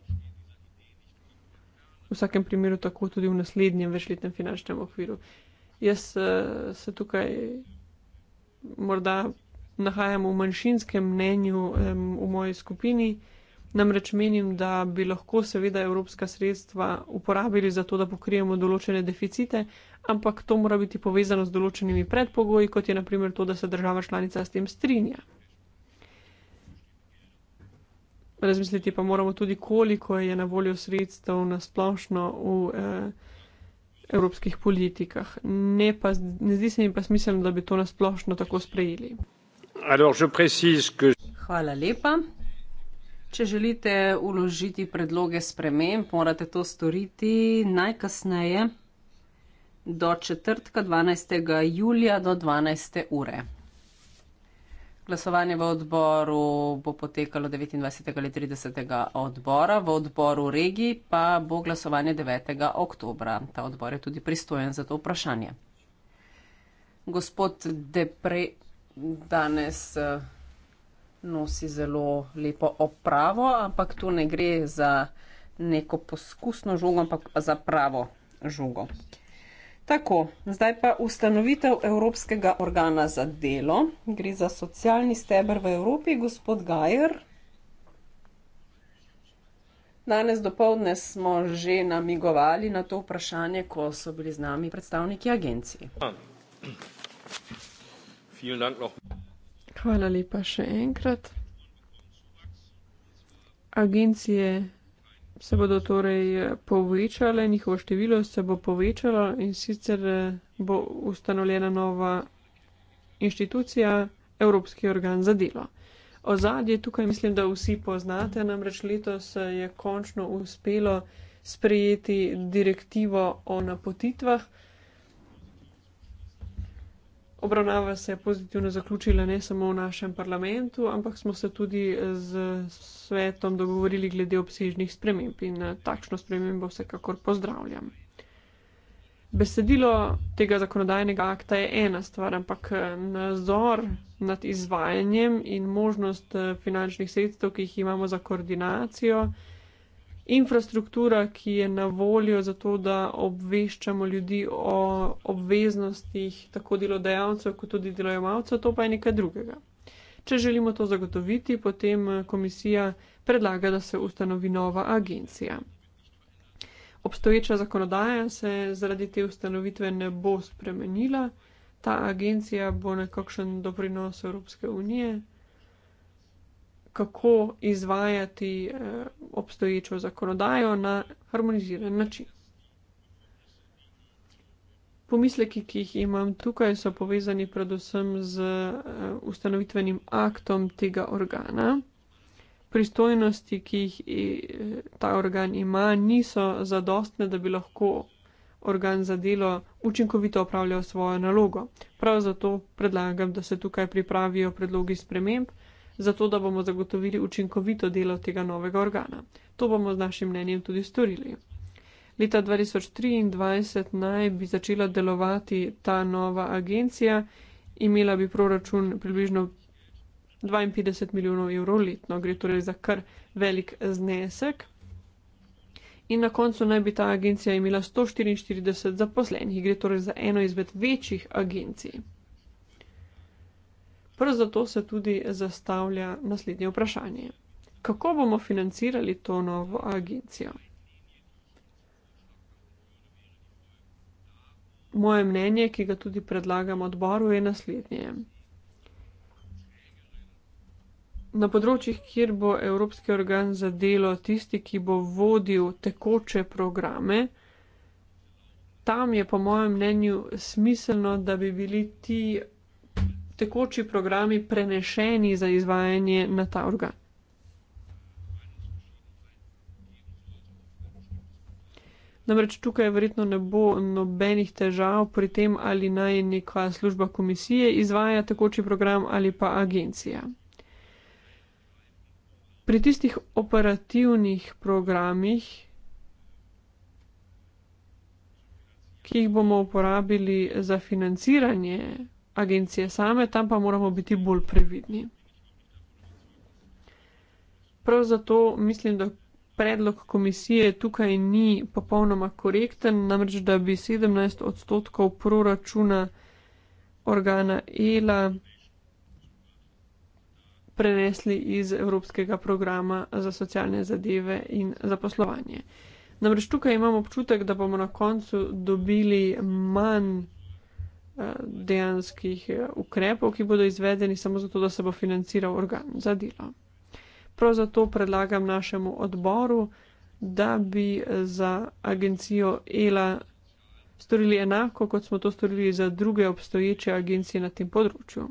v vsakem primeru tako tudi v naslednjem večletnem finančnem okviru. Jaz eh, se tukaj morda nahajam v manjšinskem mnenju v moji skupini. Namreč menim, da bi lahko seveda evropska sredstva uporabili za to, da pokrijemo določene deficite, ampak to mora biti povezano z določenimi predpogoji, kot je naprimer to, da se država članica s tem strinja. Razmisliti pa moramo tudi, koliko je na voljo sredstev nasplošno v eh, evropskih politikah. Ne, pa, ne zdi se mi pa smiselno, da bi to nasplošno tako sprejeli. Alors, Hvala lepa. Če želite uložiti predloge sprememb, morate to storiti najkasneje do četrtka 12. julija do 12. ure. Glasovanje v odboru bo potekalo 29. ali 30. odbora, v odboru regiji pa bo glasovanje 9. oktobra. Ta odbor je tudi pristojen za to vprašanje. Gospod Depre, danes. Uh, nosi zelo lepo opravo, ampak tu ne gre za neko poskusno žogo, ampak za pravo žogo. Tako, zdaj pa ustanovitev Evropskega organa za delo. Gre za socialni stebr v Evropi, gospod Gajer. Danes dopoledne smo že namigovali na to vprašanje, ko so bili z nami predstavniki agencije. Ah. Hvala lepa še enkrat. Agencije se bodo torej povečale, njihovo število se bo povečalo in sicer eh, bo ustanovljena nova inštitucija, Evropski organ za delo. Ozadje tukaj mislim, da vsi poznate, namreč letos eh, je končno uspelo sprejeti direktivo o napotitvah obravnava se je pozitivno zaključila ne samo v našem parlamentu, ampak smo se tudi z svetom dogovorili glede obsežnih sprememb in eh, takšno spremembo vsekakor pozdravljam. Besedilo tega zakonodajnega akta je ena stvar, ampak eh, nadzor nad izvajanjem in možnost eh, finančnih sredstev, ki jih imamo za koordinacijo infrastruktura, ki je na voljo za to, da obveščamo ljudi o obveznostih tako delodajalcev, kot tudi delojemalcev, to pa je nekaj drugega. Če želimo to zagotoviti, potem eh, komisija predlaga, da se ustanovi nova agencija. Obstoječa zakonodaja se zaradi te ustanovitve ne bo spremenila, ta agencija bo nekakšen doprinos Evropske unije kako izvajati eh, obstoječo zakonodajo na harmoniziran način. Pomisleki, ki jih imam tukaj, so povezani predvsem z eh, ustanovitvenim aktom tega organa. Pristojnosti, ki jih eh, ta organ ima, niso zadostne, da bi lahko organ za delo učinkovito opravljal svojo nalogo. Prav zato predlagam, da se tukaj pripravijo predlogi sprememb zato da bomo zagotovili učinkovito delo tega novega organa. To bomo z našim mnenjem tudi storili. Leta 2023 naj bi začela delovati ta nova agencija, imela bi proračun približno 52 milijonov evrov letno, gre torej za kar velik znesek. In na koncu naj bi ta agencija imela 144 zaposlenih, gre torej za eno izmed večjih agencij. Prav zato se tudi zastavlja naslednje vprašanje: kako bomo financirali to novo agencijo? Moje mnenje, ki ga tudi predlagam odboru, je naslednje. Na področjih, kjer bo Evropski organ za delo tisti, ki bo vodil tekoče programe, tam je po mojem mnenju smiselno, da bi bili ti tekoči programi prenešeni za izvajanje na ta organ. Namreč tukaj verjetno ne bo nobenih težav pri tem, ali naj neka služba komisije izvaja tekoči program ali pa agencija. Pri tistih operativnih programih, ki jih bomo uporabili za financiranje agencije same, tam pa moramo biti bolj previdni. Prav zato mislim, da predlog komisije tukaj ni popolnoma korekten, namreč da bi 17 odstotkov proračuna organa ELA prenesli iz Evropskega programa za socialne zadeve in zaposlovanje. Namreč tukaj imam občutek, da bomo na koncu dobili manj dejanskih eh, ukrepov, ki bodo izvedeni samo zato, da se bo financiral organ za delo. Prav zato predlagam našemu odboru, da bi eh, za agencijo ELA storili enako, kot smo to storili za druge obstoječe agencije na tem področju.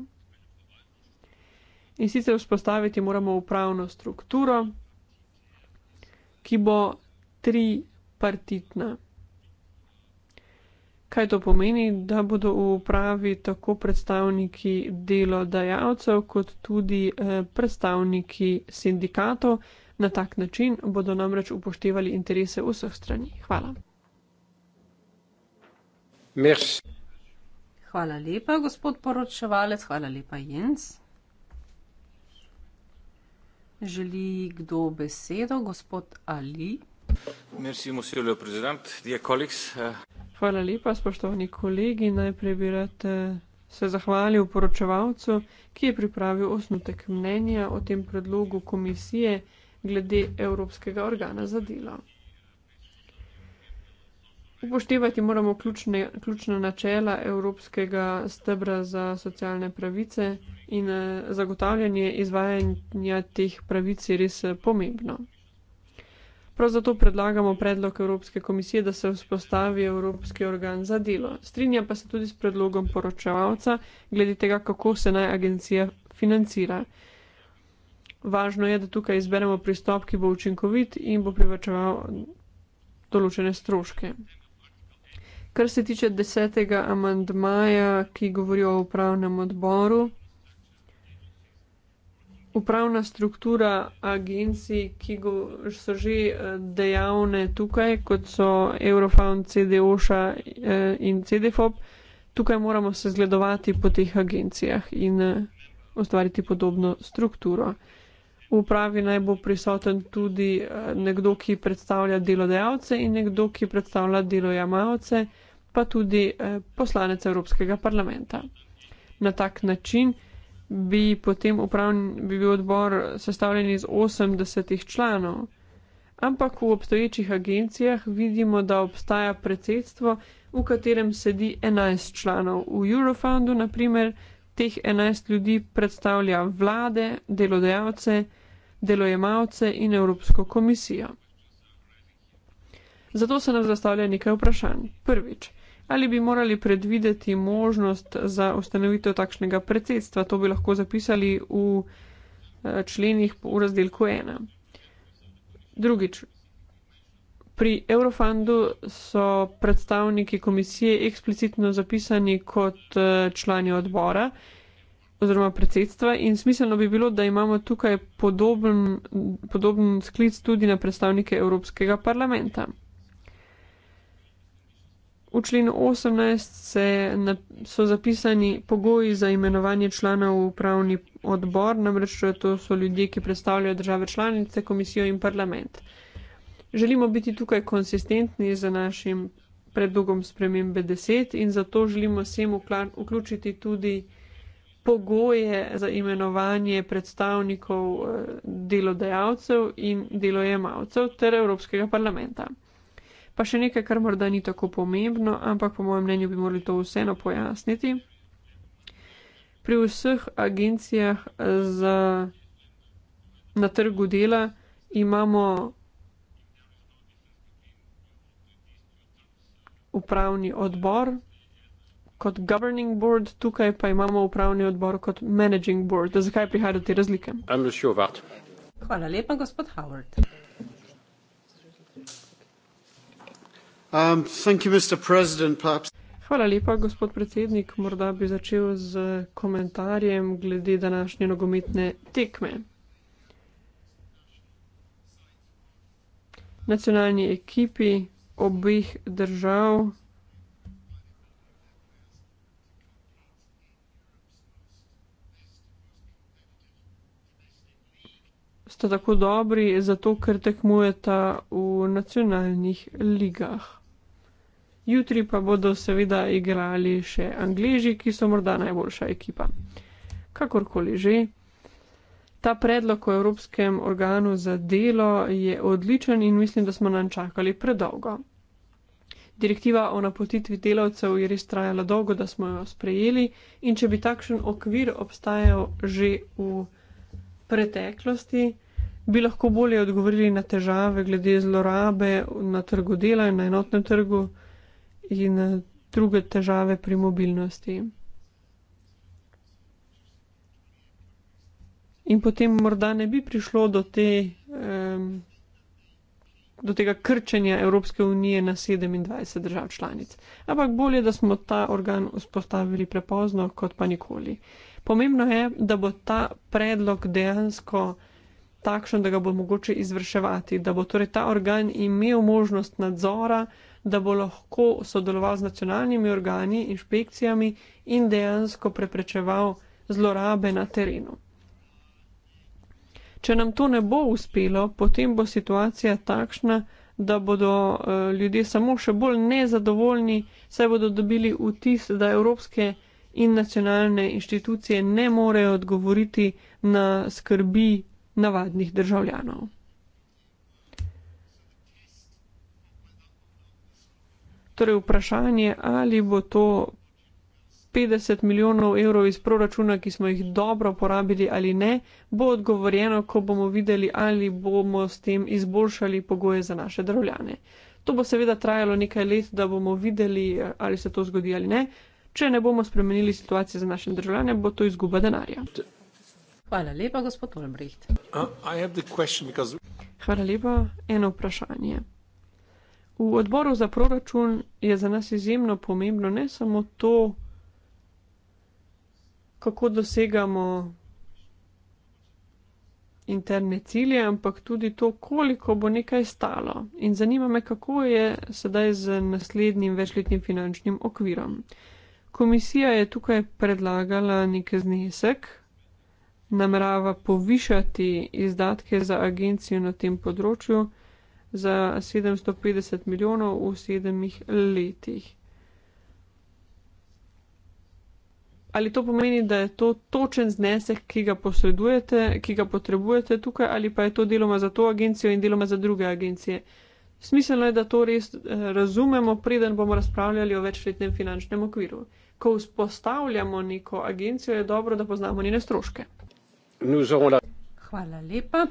In sicer vzpostaviti moramo upravno strukturo, ki bo tripartitna kaj to pomeni, da bodo v upravi tako predstavniki delodajalcev, kot tudi eh, predstavniki sindikatov. Na tak način bodo namreč upoštevali interese vseh strani. Hvala. Merci. Hvala lepa, gospod poročevalec, hvala lepa, Jens. Želi kdo besedo, gospod Ali? Merci, monsieur le président, dear colleagues. Uh, Hvala lepa, spoštovani kolegi. Najprej bi rad eh, se zahvalil poročevalcu, ki je pripravil osnutek mnenja o tem predlogu komisije glede Evropskega organa za delo. Upoštevati moramo ključne, ključna načela Evropskega stebra za socialne pravice in eh, zagotavljanje izvajanja teh pravic je res eh, pomembno. Prav zato predlagamo predlog Evropske komisije, da se vzpostavi Evropski organ za delo. Strinja pa se tudi s predlogom poročevalca glede tega, kako se naj agencija financira. Važno je, da tukaj izberemo pristop, ki bo učinkovit in bo privačeval določene stroške. Kar se tiče desetega amandmaja, ki govori o upravnem odboru, upravna struktura agencij, ki go, so že eh, dejavne tukaj, kot so Eurofound, CDOša eh, in CDFOP, tukaj moramo se zgledovati po teh agencijah in eh, ustvariti podobno strukturo. V upravi naj bo prisoten tudi nekdo, ki predstavlja delodajalce in nekdo, ki predstavlja delojamalce, pa tudi poslanec Evropskega parlamenta. Na tak način bi potem upravni, bi bil odbor sestavljen iz 80 članov. Ampak v obstoječih agencijah vidimo, da obstaja predsedstvo, v katerem sedi 11 članov. V Eurofundu, naprimer, teh 11 ljudi predstavlja vlade, delodajalce, delojemalce in Evropsko komisijo. Zato se nam zastavlja nekaj vprašanj. Prvič ali bi morali predvideti možnost za ustanovitev takšnega predsedstva. To bi lahko zapisali v eh, členih v razdelku 1. Drugič. Pri Eurofundu so predstavniki komisije eksplicitno zapisani kot eh, člani odbora oziroma predsedstva in smiselno bi bilo, da imamo tukaj podoben, podoben sklic tudi na predstavnike Evropskega parlamenta. V členu 18 se, na, so zapisani pogoji za imenovanje članov v upravni odbor, namreč to so ljudje, ki predstavljajo države članice, komisijo in parlament. Želimo biti tukaj konsistentni z našim predlogom spremembe 10 in zato želimo vsem vključiti tudi pogoje za imenovanje predstavnikov eh, delodajalcev in delojemalcev ter Evropskega parlamenta. Pa še nekaj, kar morda ni tako pomembno, ampak po mojem mnenju bi morali to vseeno pojasniti. Pri vseh agencijah za, na trgu dela imamo upravni odbor kot governing board, tukaj pa imamo upravni odbor kot managing board. Zakaj prihajajo te razlike? Hvala lepa, gospod Howard. Um, Hvala lepa, gospod predsednik. Morda bi začel z komentarjem glede današnje nogometne tekme. Nacionalni ekipi obeh držav sta tako dobri, zato ker tekmujeta v nacionalnih ligah. Jutri pa bodo seveda igrali še Angliži, ki so morda najboljša ekipa. Kakorkoli že, ta predlog o Evropskem organu za delo je odličen in mislim, da smo nam čakali predolgo. Direktiva o napotitvi delavcev je res trajala dolgo, da smo jo sprejeli in če bi takšen okvir obstajal že v preteklosti, bi lahko bolje odgovorili na težave glede zlorabe na trgu dela in na enotnem trgu in druge težave pri mobilnosti. In potem morda ne bi prišlo do, te, um, do tega krčenja Evropske unije na 27 držav članic. Ampak bolje, da smo ta organ vzpostavili prepozno, kot pa nikoli. Pomembno je, da bo ta predlog dejansko takšen, da ga bo mogoče izvrševati, da bo torej ta organ imel možnost nadzora, da bo lahko sodeloval z nacionalnimi organi, inšpekcijami in dejansko preprečeval zlorabe na terenu. Če nam to ne bo uspelo, potem bo situacija takšna, da bodo eh, ljudje samo še bolj nezadovoljni, saj bodo dobili vtis, da evropske in nacionalne inštitucije ne morejo odgovoriti na skrbi navadnih državljanov. Torej vprašanje, ali bo to 50 milijonov evrov iz proračuna, ki smo jih dobro porabili ali ne, bo odgovorjeno, ko bomo videli, ali bomo s tem izboljšali pogoje za naše državljane. To bo seveda trajalo nekaj let, da bomo videli, ali se to zgodi ali ne. Če ne bomo spremenili situacije za naše državljane, bo to izguba denarja. Hvala lepa, gospod Olbricht. Uh, Hvala lepa, eno vprašanje. V odboru za proračun je za nas izjemno pomembno ne samo to, kako dosegamo interne cilje, ampak tudi to, koliko bo nekaj stalo. In zanima me, kako je sedaj z naslednjim večletnim finančnim okvirom. Komisija je tukaj predlagala nek znesek, namerava povišati izdatke za agencijo na tem področju za 750 milijonov v sedemih letih. Ali to pomeni, da je to točen znesek, ki ga posredujete, ki ga potrebujete tukaj, ali pa je to deloma za to agencijo in deloma za druge agencije? Smiselno je, da to res eh, razumemo, preden bomo razpravljali o večletnem finančnem okviru. Ko vzpostavljamo neko agencijo, je dobro, da poznamo njene stroške. Hvala lepa.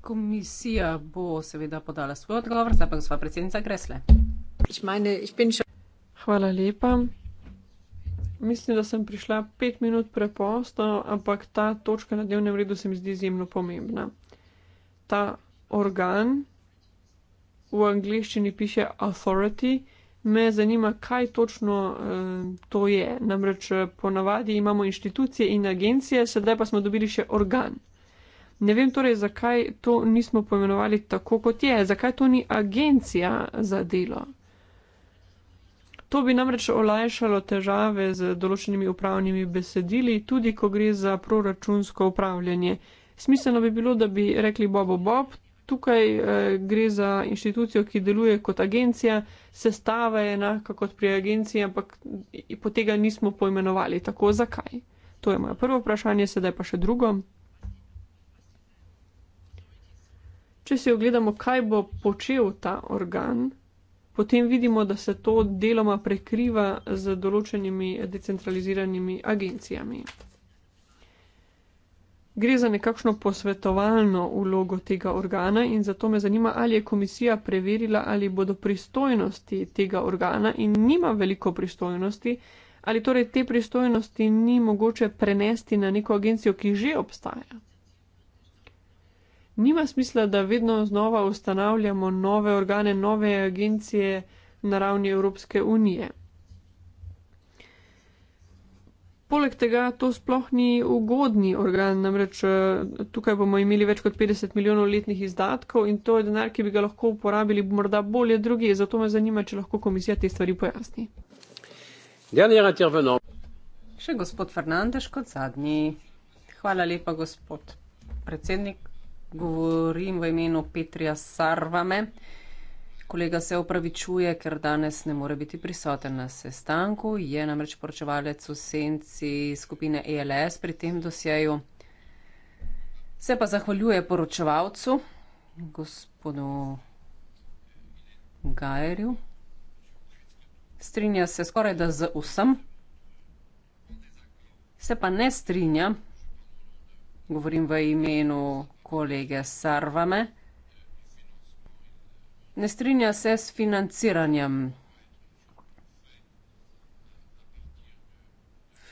Komisija bo seveda podala svoj odgovor, zdaj pa gospa predsednica Gresle. Hvala lepa. Mislim, da sem prišla pet minut preposto, ampak ta točka na dnevnem redu se mi zdi izjemno pomembna. Ta organ v angliščini piše authority me zanima, kaj točno uh, to je. Namreč eh, ponavadi imamo inštitucije in agencije, sedaj pa smo dobili še organ. Ne vem torej, zakaj to nismo pojmenovali tako, kot je, zakaj to ni agencija za delo. To bi namreč olajšalo težave z določenimi upravnimi besedili, tudi ko gre za proračunsko upravljanje. Smiselno bi bilo, da bi rekli Bobo Bob, tukaj eh, gre za inštitucijo, ki deluje kot agencija, sestava je enaka kot pri agenciji, ampak po tega nismo poimenovali. Tako zakaj? To je moje prvo vprašanje, sedaj pa še drugo. Če si ogledamo, kaj bo počel ta organ, potem vidimo, da se to deloma prekriva z določenimi decentraliziranimi agencijami. Gre za nekakšno posvetovalno vlogo tega organa in zato me zanima, ali je komisija preverila, ali bodo pristojnosti tega organa in nima veliko pristojnosti, ali torej te pristojnosti ni mogoče prenesti na neko agencijo, ki že obstaja. Nima smisla, da vedno znova ustanavljamo nove organe, nove agencije na ravni Evropske unije. Poleg tega to sploh ni ugodni organ, namreč eh, tukaj bomo imeli več kot 50 milijonov letnih izdatkov in to je denar, ki bi ga lahko uporabili morda bolje drugi. Zato me zanima, če lahko komisija te stvari pojasni. Še gospod Fernandeš kot zadnji. Hvala lepa, gospod predsednik. Govorim v imenu Petrija Sarvame. Kolega se opravičuje, ker danes ne more biti prisoten na sestanku, je namreč poročevalec v senci skupine ELS pri tem dosjeju. Se pa zahvaljuje poročevalcu, gospodu Gajerju. Strinja se skoraj da z vsem, se pa ne strinja, govorim v imenu kolege Sarvame ne strinja se s financiranjem.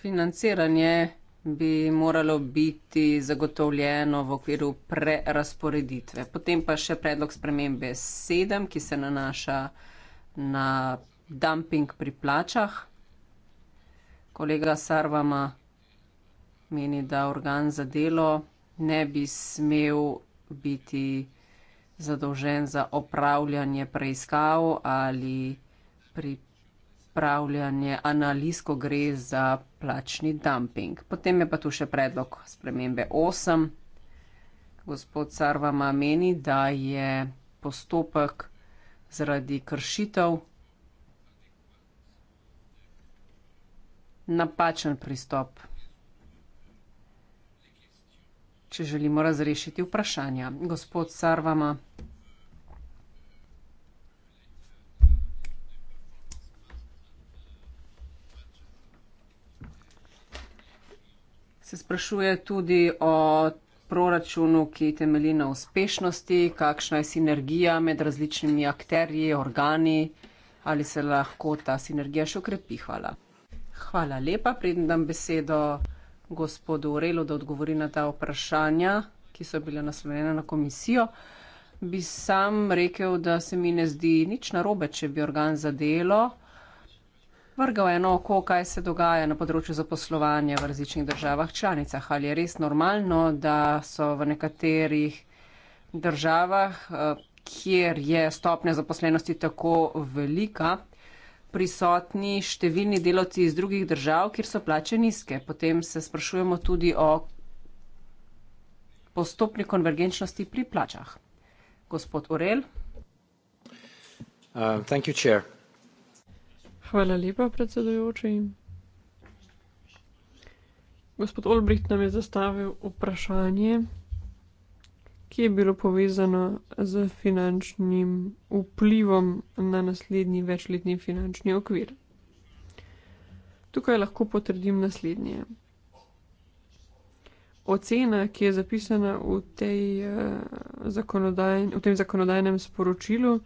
Financiranje bi moralo biti zagotovljeno v okviru prerasporeditve. Potem pa še predlog spremembe 7, ki se nanaša na dumping pri plačah. Kolega Sarvama meni, da organ za delo ne bi smel biti zadolžen za opravljanje preiskav ali pripravljanje analiz, ko gre za plačni dumping. Potem je pa tu še predlog spremembe 8. Gospod Sarvama meni, da je postopek zaradi kršitev napačen pristop, če želimo razrešiti vprašanja. Gospod Sarvama. Se sprašuje tudi o proračunu, ki temelji na uspešnosti, kakšna je sinergija med različnimi akterji, organi, ali se lahko ta sinergija še ukrepi. Hvala. Hvala lepa, predem dam besedo gospodu Urelu, da odgovori na ta vprašanja, ki so bile naslovljene na komisijo. Bi sam rekel, da se mi ne zdi nič narobe, če bi organ za delo vrgal eno oko, kaj se dogaja na področju zaposlovanja v različnih državah članicah. Ali je res normalno, da so v nekaterih državah, eh, kjer je stopnja zaposlenosti tako velika, prisotni številni delavci iz drugih držav, kjer so plače nizke. Potem se sprašujemo tudi o postopni konvergenčnosti pri plačah. Gospod Urel. Uh, thank you, Chair. Hvala lepa, predsedujoči. Gospod Olbricht nam je zastavil vprašanje, ki je bilo povezano z finančnim vplivom na naslednji večletni finančni okvir. Tukaj lahko potrdim naslednje. Ocena, ki je zapisana v tej, eh, v tem zakonodajnem sporočilu,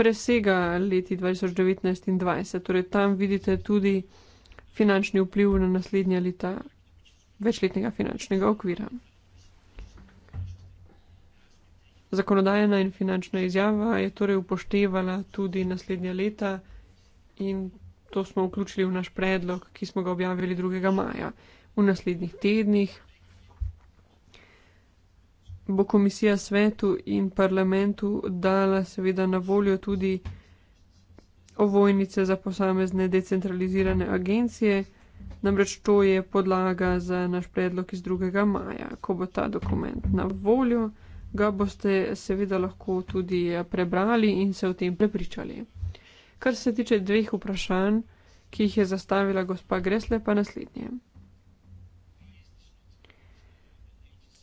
presega leti 2019 in 2020. Torej, tam vidite tudi finančni vpliv na naslednja leta večletnega finančnega okvira. Zakonodajna in finančna izjava je torej upoštevala tudi naslednja leta in to smo vključili v naš predlog, ki smo ga objavili 2. maja. V naslednjih tednih bo komisija svetu in parlamentu dala seveda na voljo tudi ovojnice za posamezne decentralizirane agencije, namreč to je podlaga za naš predlog iz 2. maja. Ko bo ta dokument na voljo, ga boste seveda lahko tudi eh, prebrali in se o tem prepričali. Kar se tiče dveh vprašanj, ki jih je zastavila gospa Gresle, pa naslednje.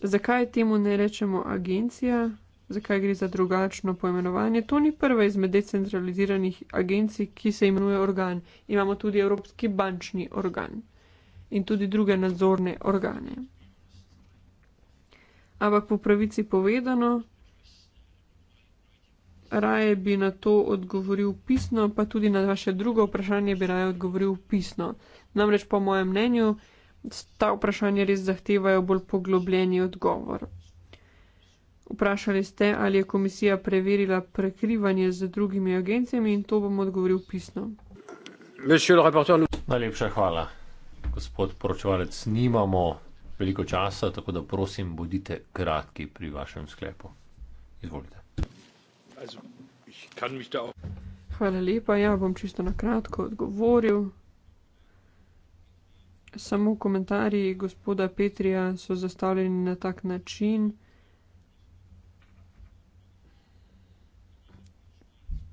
zakaj temu ne rečemo agencija, zakaj gre za drugačno poimenovanje. To ni prva izmed decentraliziranih agencij, ki se imenuje organ. Imamo tudi Evropski bančni organ in tudi druge nadzorne organe. Ampak po pravici povedano, raje bi na to odgovoril pisno, pa tudi na vaše drugo vprašanje bi raje odgovoril pisno. Namreč po mojem mnenju, ta vprašanja res zahtevajo bolj poglobljeni odgovor. Vprašali ste, ali je komisija preverila prekrivanje z drugimi agencijami in to bom odgovoril pisno. Najlepša hvala. Gospod poročevalec, nimamo veliko časa, tako da prosim, bodite kratki pri vašem sklepu. Izvolite. Hvala lepa, ja bom čisto na kratko odgovoril samo komentarji gospoda Petrija so zastavljeni na tak način,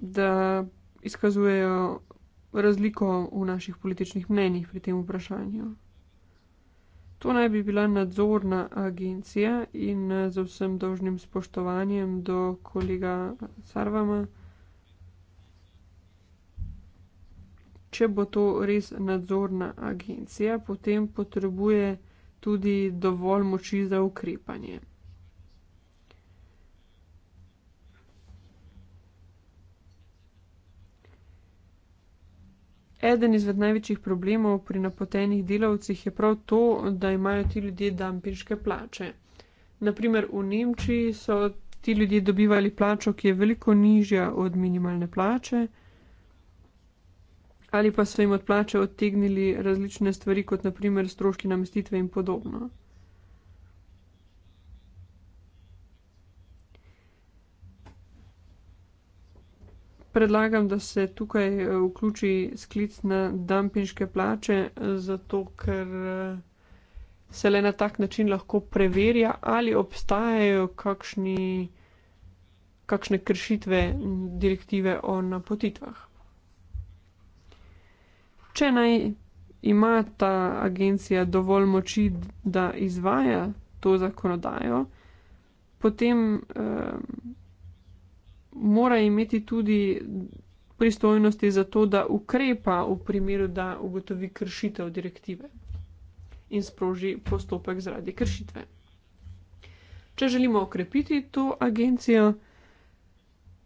da izkazujejo razliko v naših političnih mnenjih pri tem vprašanju. To naj bi bila nadzorna agencija in eh, z vsem dožnim spoštovanjem do kolega Sarvama. če bo to res nadzorna agencija, potem potrebuje tudi dovolj moči za ukrepanje. Eden izmed največjih problemov pri napotenih delavcih je prav to, da imajo ti ljudje dampinške plače. Na primer v Nemčiji so ti ljudje dobivali plačo, ki je veliko nižja od minimalne plače ali pa so jim od plače odtegnili različne stvari, kot naprimer stroški namestitve in podobno. Predlagam, da se tukaj eh, vključi sklic na dampinške plače, eh, zato ker eh, se le na tak način lahko preverja, ali obstajajo kakšni, kakšne kršitve direktive o napotitvah. Če naj ima ta agencija dovolj moči, da izvaja to zakonodajo, potem eh, mora imeti tudi pristojnosti za to, da ukrepa v primeru, da ugotovi kršitev direktive in sproži postopek zaradi kršitve. Če želimo okrepiti to agencijo,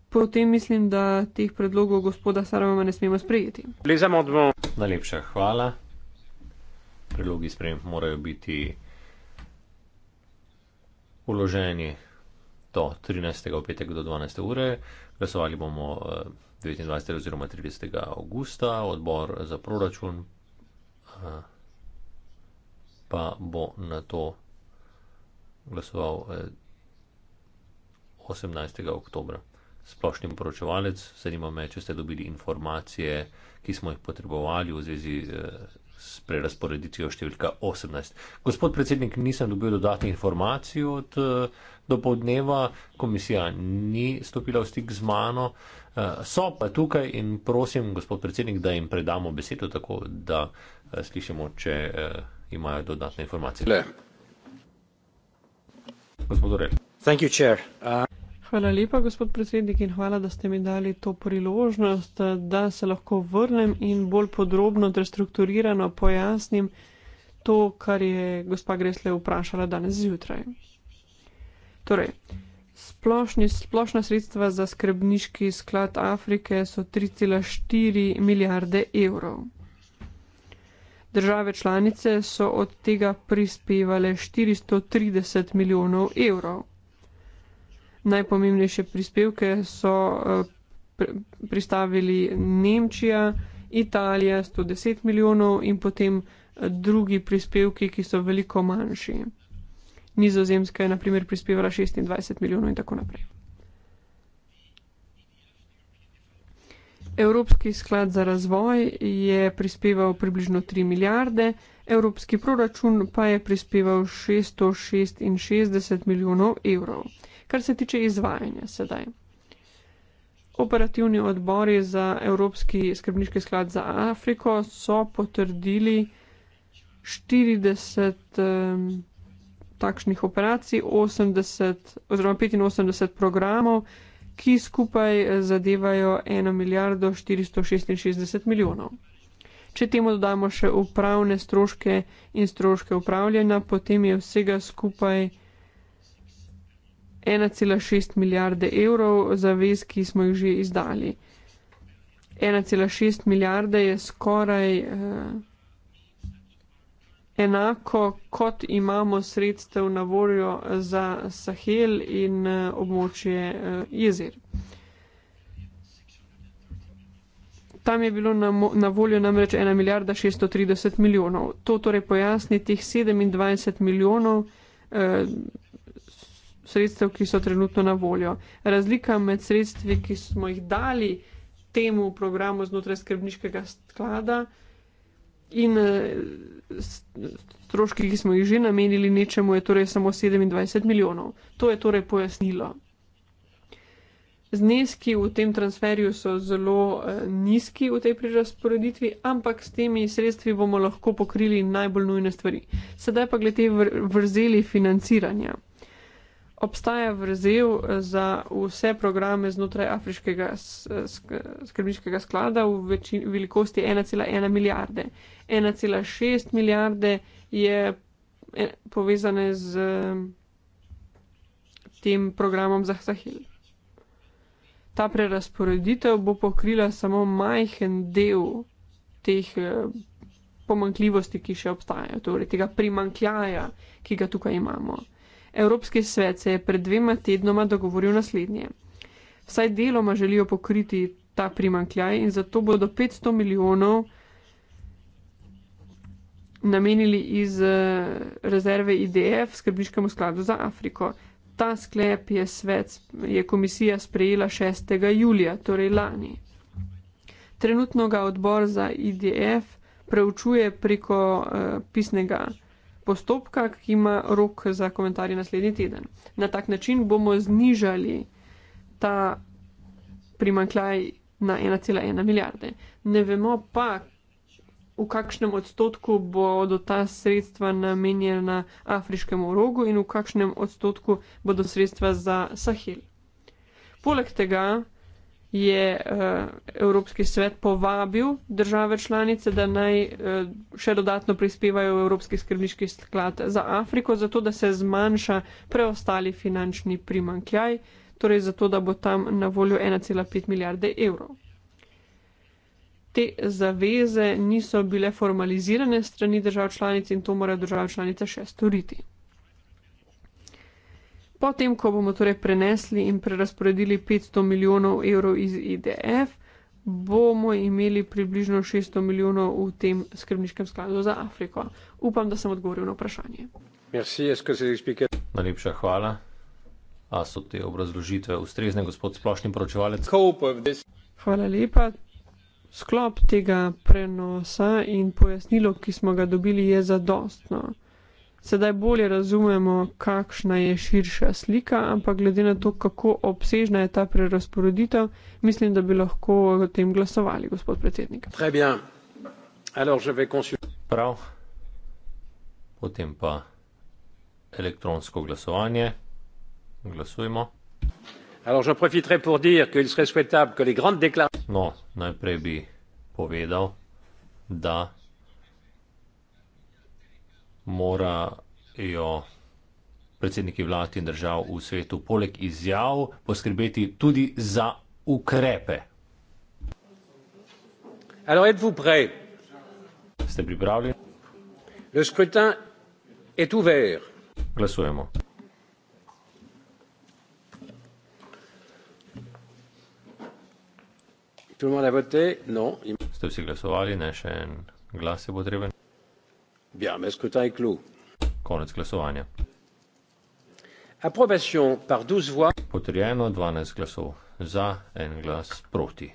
potem mislim, da teh predlogov gospoda Sarama ne smemo sprejeti. Najlepša hvala. Predlogi sprememb morajo biti uloženi do 13. v petek do 12. ure. Glasovali bomo 29. Eh, oziroma 30. augusta, odbor za proračun eh, pa bo na to glasoval 18. Eh, oktobra splošni poročevalec, zanima me, če ste dobili informacije, ki smo jih potrebovali v zvezi eh, s prerasporeditvijo številka 18. Gospod predsednik, nisem dobil dodatnih informacij od eh, dopoledneva, komisija ni stopila v stik z mano, eh, so pa tukaj in prosim, gospod predsednik, da jim predamo besedo, tako da slišimo, če imajo dodatne informacije. Le. Gospod Orel. Thank you, Chair. Uh... Hvala lepa, gospod predsednik, in hvala, da ste mi dali to priložnost, da se lahko vrnem in bolj podrobno ter strukturirano pojasnim to, kar je gospa Gresle vprašala danes zjutraj. Torej, splošni, splošna sredstva za skrbniški sklad Afrike so 3,4 milijarde evrov. Države članice so od tega prispevale 430 milijonov evrov. Najpomembnejše prispevke so eh, pristavili Nemčija, Italija 110 milijonov in potem eh, drugi prispevki, ki so veliko manjši. Nizozemska je naprimer prispevala 26 milijonov in tako naprej. Evropski sklad za razvoj je prispeval približno 3 milijarde, evropski proračun pa je prispeval 666 milijonov evrov kar se tiče izvajanja sedaj. Operativni odbori za Evropski skrbniški sklad za Afriko so potrdili 40 um, takšnih operacij, 80 oziroma 85 programov, ki skupaj eh, zadevajo 1 milijardo 466 milijonov. Če temu dodamo še upravne stroške in stroške upravljanja, potem je vsega skupaj 1,6 milijarde evrov zavez, ki smo jih že izdali. 1,6 milijarde je skoraj eh, enako, kot imamo sredstev na voljo za Sahel in eh, območje eh, jezer. Tam je bilo na, na voljo namreč 1 milijarda 630 milijonov. To torej pojasni teh 27 milijonov. Eh, sredstev, ki so trenutno na voljo. Razlika med sredstvi, ki smo jih dali temu programu znotraj skrbniškega sklada in eh, stroški, ki smo jih že namenili nečemu, je torej samo 27 milijonov. To je torej pojasnilo. Zneski v tem transferju so zelo eh, nizki v tej prirazporeditvi, ampak s temi sredstvi bomo lahko pokrili najbolj nujne stvari. Sedaj pa glede vr vrzeli financiranja obstaja vrzel eh, za vse programe znotraj afriškega eh, skrbniškega sklada v večin, velikosti 1,1 milijarde. 1,6 milijarde je eh, povezane z tem programom za Sahel. Ta prerasporeditev bo pokrila samo majhen del teh pomankljivosti, ki še obstajajo, torej tega primankljaja, ki ga tukaj imamo. Evropski svet se je pred dvema tednoma dogovoril naslednje. Vsaj deloma želijo pokriti ta primankljaj in zato bodo 500 milijonov namenili iz eh, rezerve IDF skrbniškemu skladu za Afriko. Ta sklep je, svet, je komisija sprejela 6. julija, torej lani. Trenutno ga odbor za IDF preučuje preko uh, pisnega postopka, ki ima rok za komentarje naslednji teden. Na tak način bomo znižali ta primankljaj na 1,1 milijarde. Ne vemo pa, v kakšnem odstotku bodo ta sredstva namenjena afriškemu rogu in v kakšnem odstotku bodo sredstva za Sahel. Poleg tega, je eh, Evropski svet povabil države članice, da naj eh, še dodatno prispevajo v Evropski skrbniški sklad za Afriko, zato da se zmanjša preostali finančni primankljaj, torej zato, da bo tam na voljo 1,5 milijarde evrov. Te zaveze niso bile formalizirane strani držav članic in to morajo držav članice še storiti. Potem, ko bomo torej prenesli in prerasporedili 500 milijonov evrov iz IDF, e bomo imeli približno 600 milijonov v tem skrbniškem skladu za Afriko. Upam, da sem odgovoril na vprašanje. Najlepša hvala. A so te obrazložitve ustrezne, gospod splošni poročevalec? Hvala lepa. Sklop tega prenosa in pojasnilo, ki smo ga dobili, je zadostno. Sedaj bolje razumemo, kakšna je širša slika, ampak glede na to, kako obsežna je ta prerasporeditev, mislim, da bi lahko o tem glasovali, gospod predsednik. Prav, potem pa elektronsko glasovanje. Glasujmo. No, najprej bi povedal, da morajo predsedniki vlad in držav v svetu poleg izjav poskrbeti tudi za ukrepe. Ste pripravljeni? Glasujemo. Ste vsi glasovali, ne še en glas je potreben? Bien, scrutin est clos. Konec glasovanja. Potrjeno 12 glasov za, en glas proti.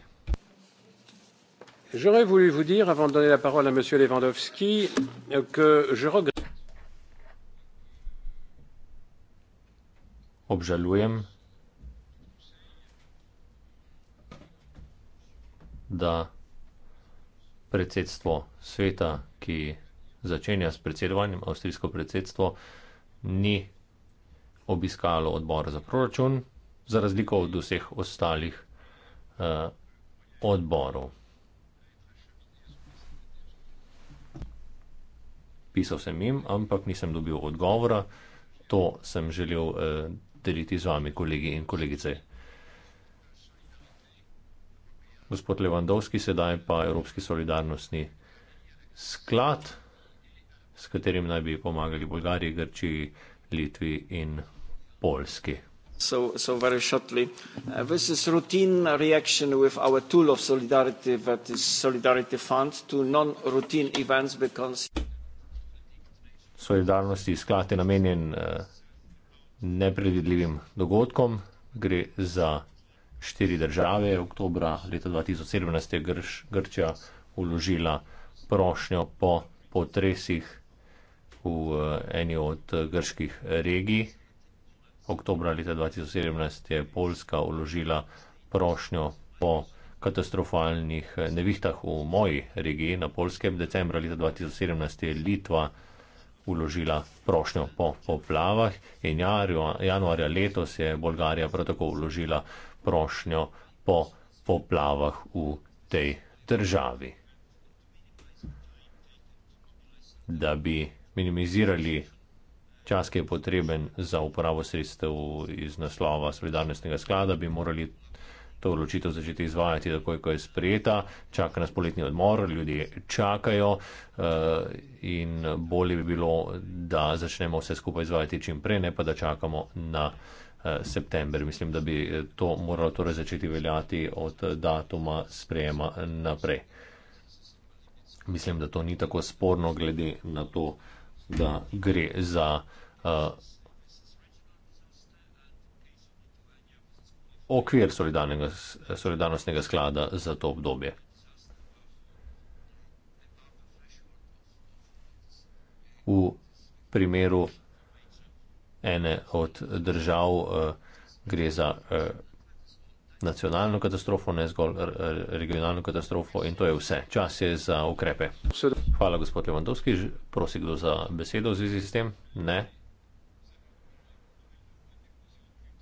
J'aurais voulu vous dire, avant de donner la parole à M. Lewandowski, que je regrette začenja s predsedovanjem, avstrijsko predsedstvo ni obiskalo odbora za proračun, za razliko od vseh ostalih uh, odborov. Pisal sem jim, ampak nisem dobil odgovora. To sem želel uh, deliti z vami, kolegi in kolegice. Gospod Levandovski, sedaj pa Evropski solidarnostni sklad s katerim naj bi pomagali Bolgariji, Grčiji, Litvi in Polski. So, so very shortly. Uh, this is routine reaction with our tool of solidarity, that is Solidarity Fund, to non-routine events because. Solidarnosti sklad je namenjen uh, nepredvidljivim dogodkom. Gre za štiri države. Oktobra leta 2017 je Grč, Grčija uložila prošnjo po potresih. Po v eh, eni od eh, grških regij. Oktobra leta 2017 je Poljska uložila prošnjo po katastrofalnih eh, nevihtah v moji regiji na Poljskem. Decembra leta 2017 je Litva uložila prošnjo po poplavah in januarja letos je Bolgarija prav tako uložila prošnjo po poplavah v tej državi. Da bi minimizirali čas, ki je potreben za uporabo sredstev iz naslova solidarnostnega sklada, bi morali to odločitev začeti izvajati takoj, ko je sprejeta, čaka nas poletni odmor, ljudje čakajo uh, in bolje bi bilo, da začnemo vse skupaj izvajati čim prej, ne pa da čakamo na uh, september. Mislim, da bi eh, to moralo torej začeti veljati od datuma sprejema naprej. Mislim, da to ni tako sporno glede na to, uh, da gre za uh, okvir solidarnostnega sklada za to obdobje. V primeru ene od držav uh, gre za uh, nacionalno katastrofo, ne zgolj regionalno katastrofo in to je vse. Čas je za ukrepe. Hvala, gospod Levandovski. Prosi kdo za besedo v zvezi s tem? Ne.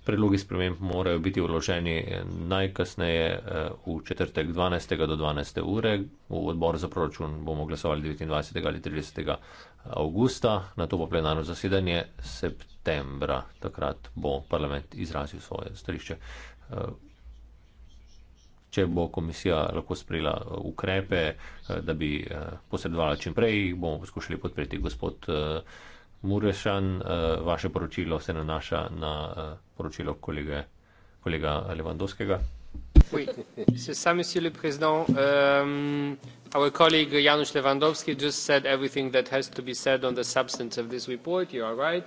Predlogi sprememb morajo biti vloženi eh, najkasneje eh, v četrtek 12. do 12. ure. V odbor za proračun bomo glasovali 29. ali 30. augusta, na to pa plenarno zasedanje septembra. Takrat bo parlament izrazil svoje stališče. Eh, če bo komisija lahko sprejela uh, ukrepe, uh, da bi uh, posredovala čim prej, bomo poskušali podpreti gospod Murešan. Vaše poročilo se nanaša na poročilo kolege, kolega Levandovskega. Oui, c'est ça, Monsieur le Président. Um, our colleague Janusz Lewandowski just said everything that has to be said on the substance of this report. You are right.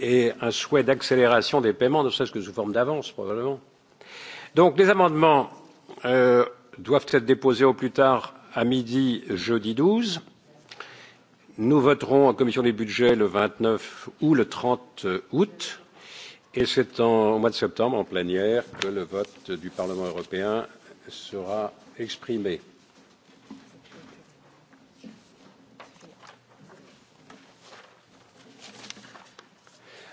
et un souhait d'accélération des paiements ne serait ce que sous forme d'avances probablement. les amendements euh, doivent être déposés au plus tard à midi jeudi douze nous voterons en commission des budgets le vingt neuf ou le trente août et c'est au mois de septembre en plénière que le vote du parlement européen sera exprimé.